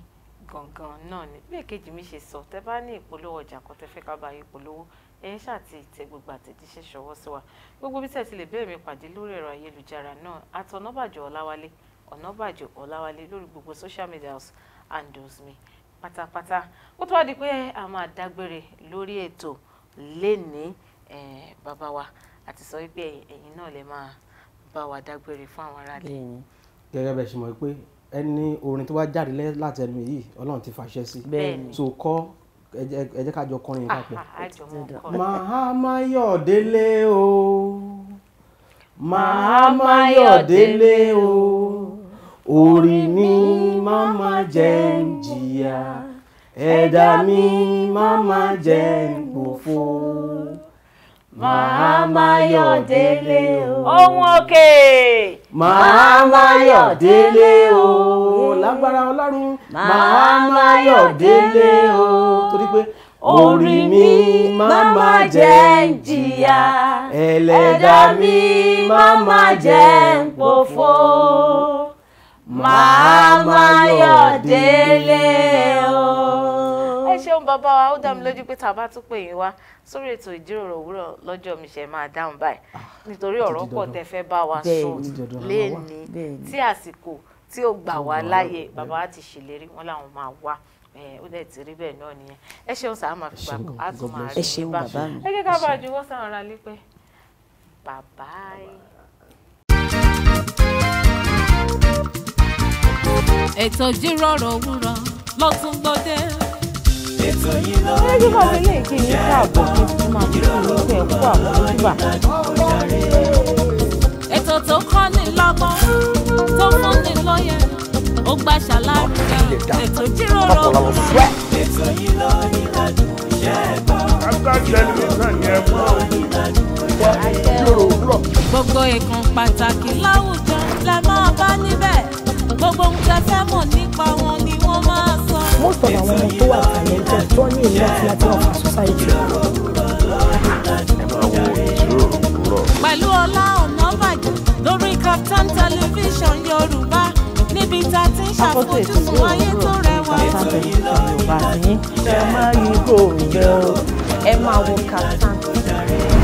gangan náà ni bí èkejì mi ṣe sọ tẹ bá ní ìpolówó ọjà kan tẹ fẹ́ ká bá yín polówó ẹ̀yin ṣáà ti tẹ gbogbo àtẹ̀jíṣẹ́ ṣọwọ́ sí wa gbogbo bí tẹ̀sí lè mi pàdé lórí ẹ̀rọ ayélujára náà àti ọ̀nàbàjọ́ ọ̀làwálé ọ̀nàbàjọ́ ọ̀làwálé lórí gbogbo social media and those me pátápátá ó tó wá di pé a máa dágbére lórí ètò lénìí bàbá wa àti sọ wípé ẹ̀yin náà lè máa bá wa dágbére fún àwọn aráàlú. gẹ́gẹ́ bẹ́ẹ̀ ṣe mọ̀ pé ẹni orin tó bá jáde láti ẹnu yìí ọlọ́run ti fàṣẹ sí so kọ́ ẹ ká jọ kọrin papọ̀. Ah, màhámà o màhámà yọ̀délé o orí mi màmá jẹ́ ń jìyà ẹ̀dá mi màmá jẹ́ ń gbòfò. Màá máyọ̀ délé o. Ohun òkè. Màá máyọ̀ délé o. Lágbára Ọlọ́run. Màá máyọ̀ délé o. Torí pé orí mi máa ma jẹ́ ń jìyà. Ẹlẹ́dà mi máa ma jẹ́ ń pòfo. Màá máyọ̀ délé o ṣeun bàbá wa ó dá mi mm. lójú pé tá a bá tún pè yín wá sórí ètò ìjíròrò òwúrọ̀ lọ́jọ́ mi ṣe máa dáhùn báyìí ah, nítorí ọ̀rọ̀ pọ̀ tẹ́ fẹ́ bá wa sọ léèní tí àsìkò tí ó gbà wá láàyè bàbá wa ti ṣèlérí wọn làwọn máa wá ó dẹ̀ ti rí bẹ́ẹ̀ náà nìyẹn ẹ ṣeun sáà máa fi gbàgbọ́ á tún máa rí i bá ẹ kí ká bá ju wọ́n sàn ra lípẹ́ bàbá yìí. ètò ìjíròrò òwúrọ̀ ló tún gbòde ètò yìí lọ rí ọ̀ jẹ́ àbọ̀ ìjíròrò ọlọ́jọ́ ìjàre. ètò tó kọ́ ni lọ́gbọ́n tó fún ni lóye ó gbà ṣàlàyé ètò jíròrò ọlọ́jọ́ ètò yìí lọ rí ládùn ìṣẹ́ ẹ̀gbọ́n ìjíròrò ọlọ́jọ́ gbogbo nǹkan pàtàkì láwùjọ lẹ máa bá níbẹ̀ gbogbo nǹkan tẹ́ mọ̀ nípa wọn ni wọ́n máa sọ most of àwọn ọmọ tó wà talented tó ní ìlú àti àti ọ̀fà society. pẹ̀lú Ọlá Ọ̀nàbàjọ lórí Kaftan television Yorùbá níbi tá a ti ń ṣàfojúsùn ayé tó rẹwà. ẹ máa yí kò rẹ̀ o ẹ máa wo Kaftan.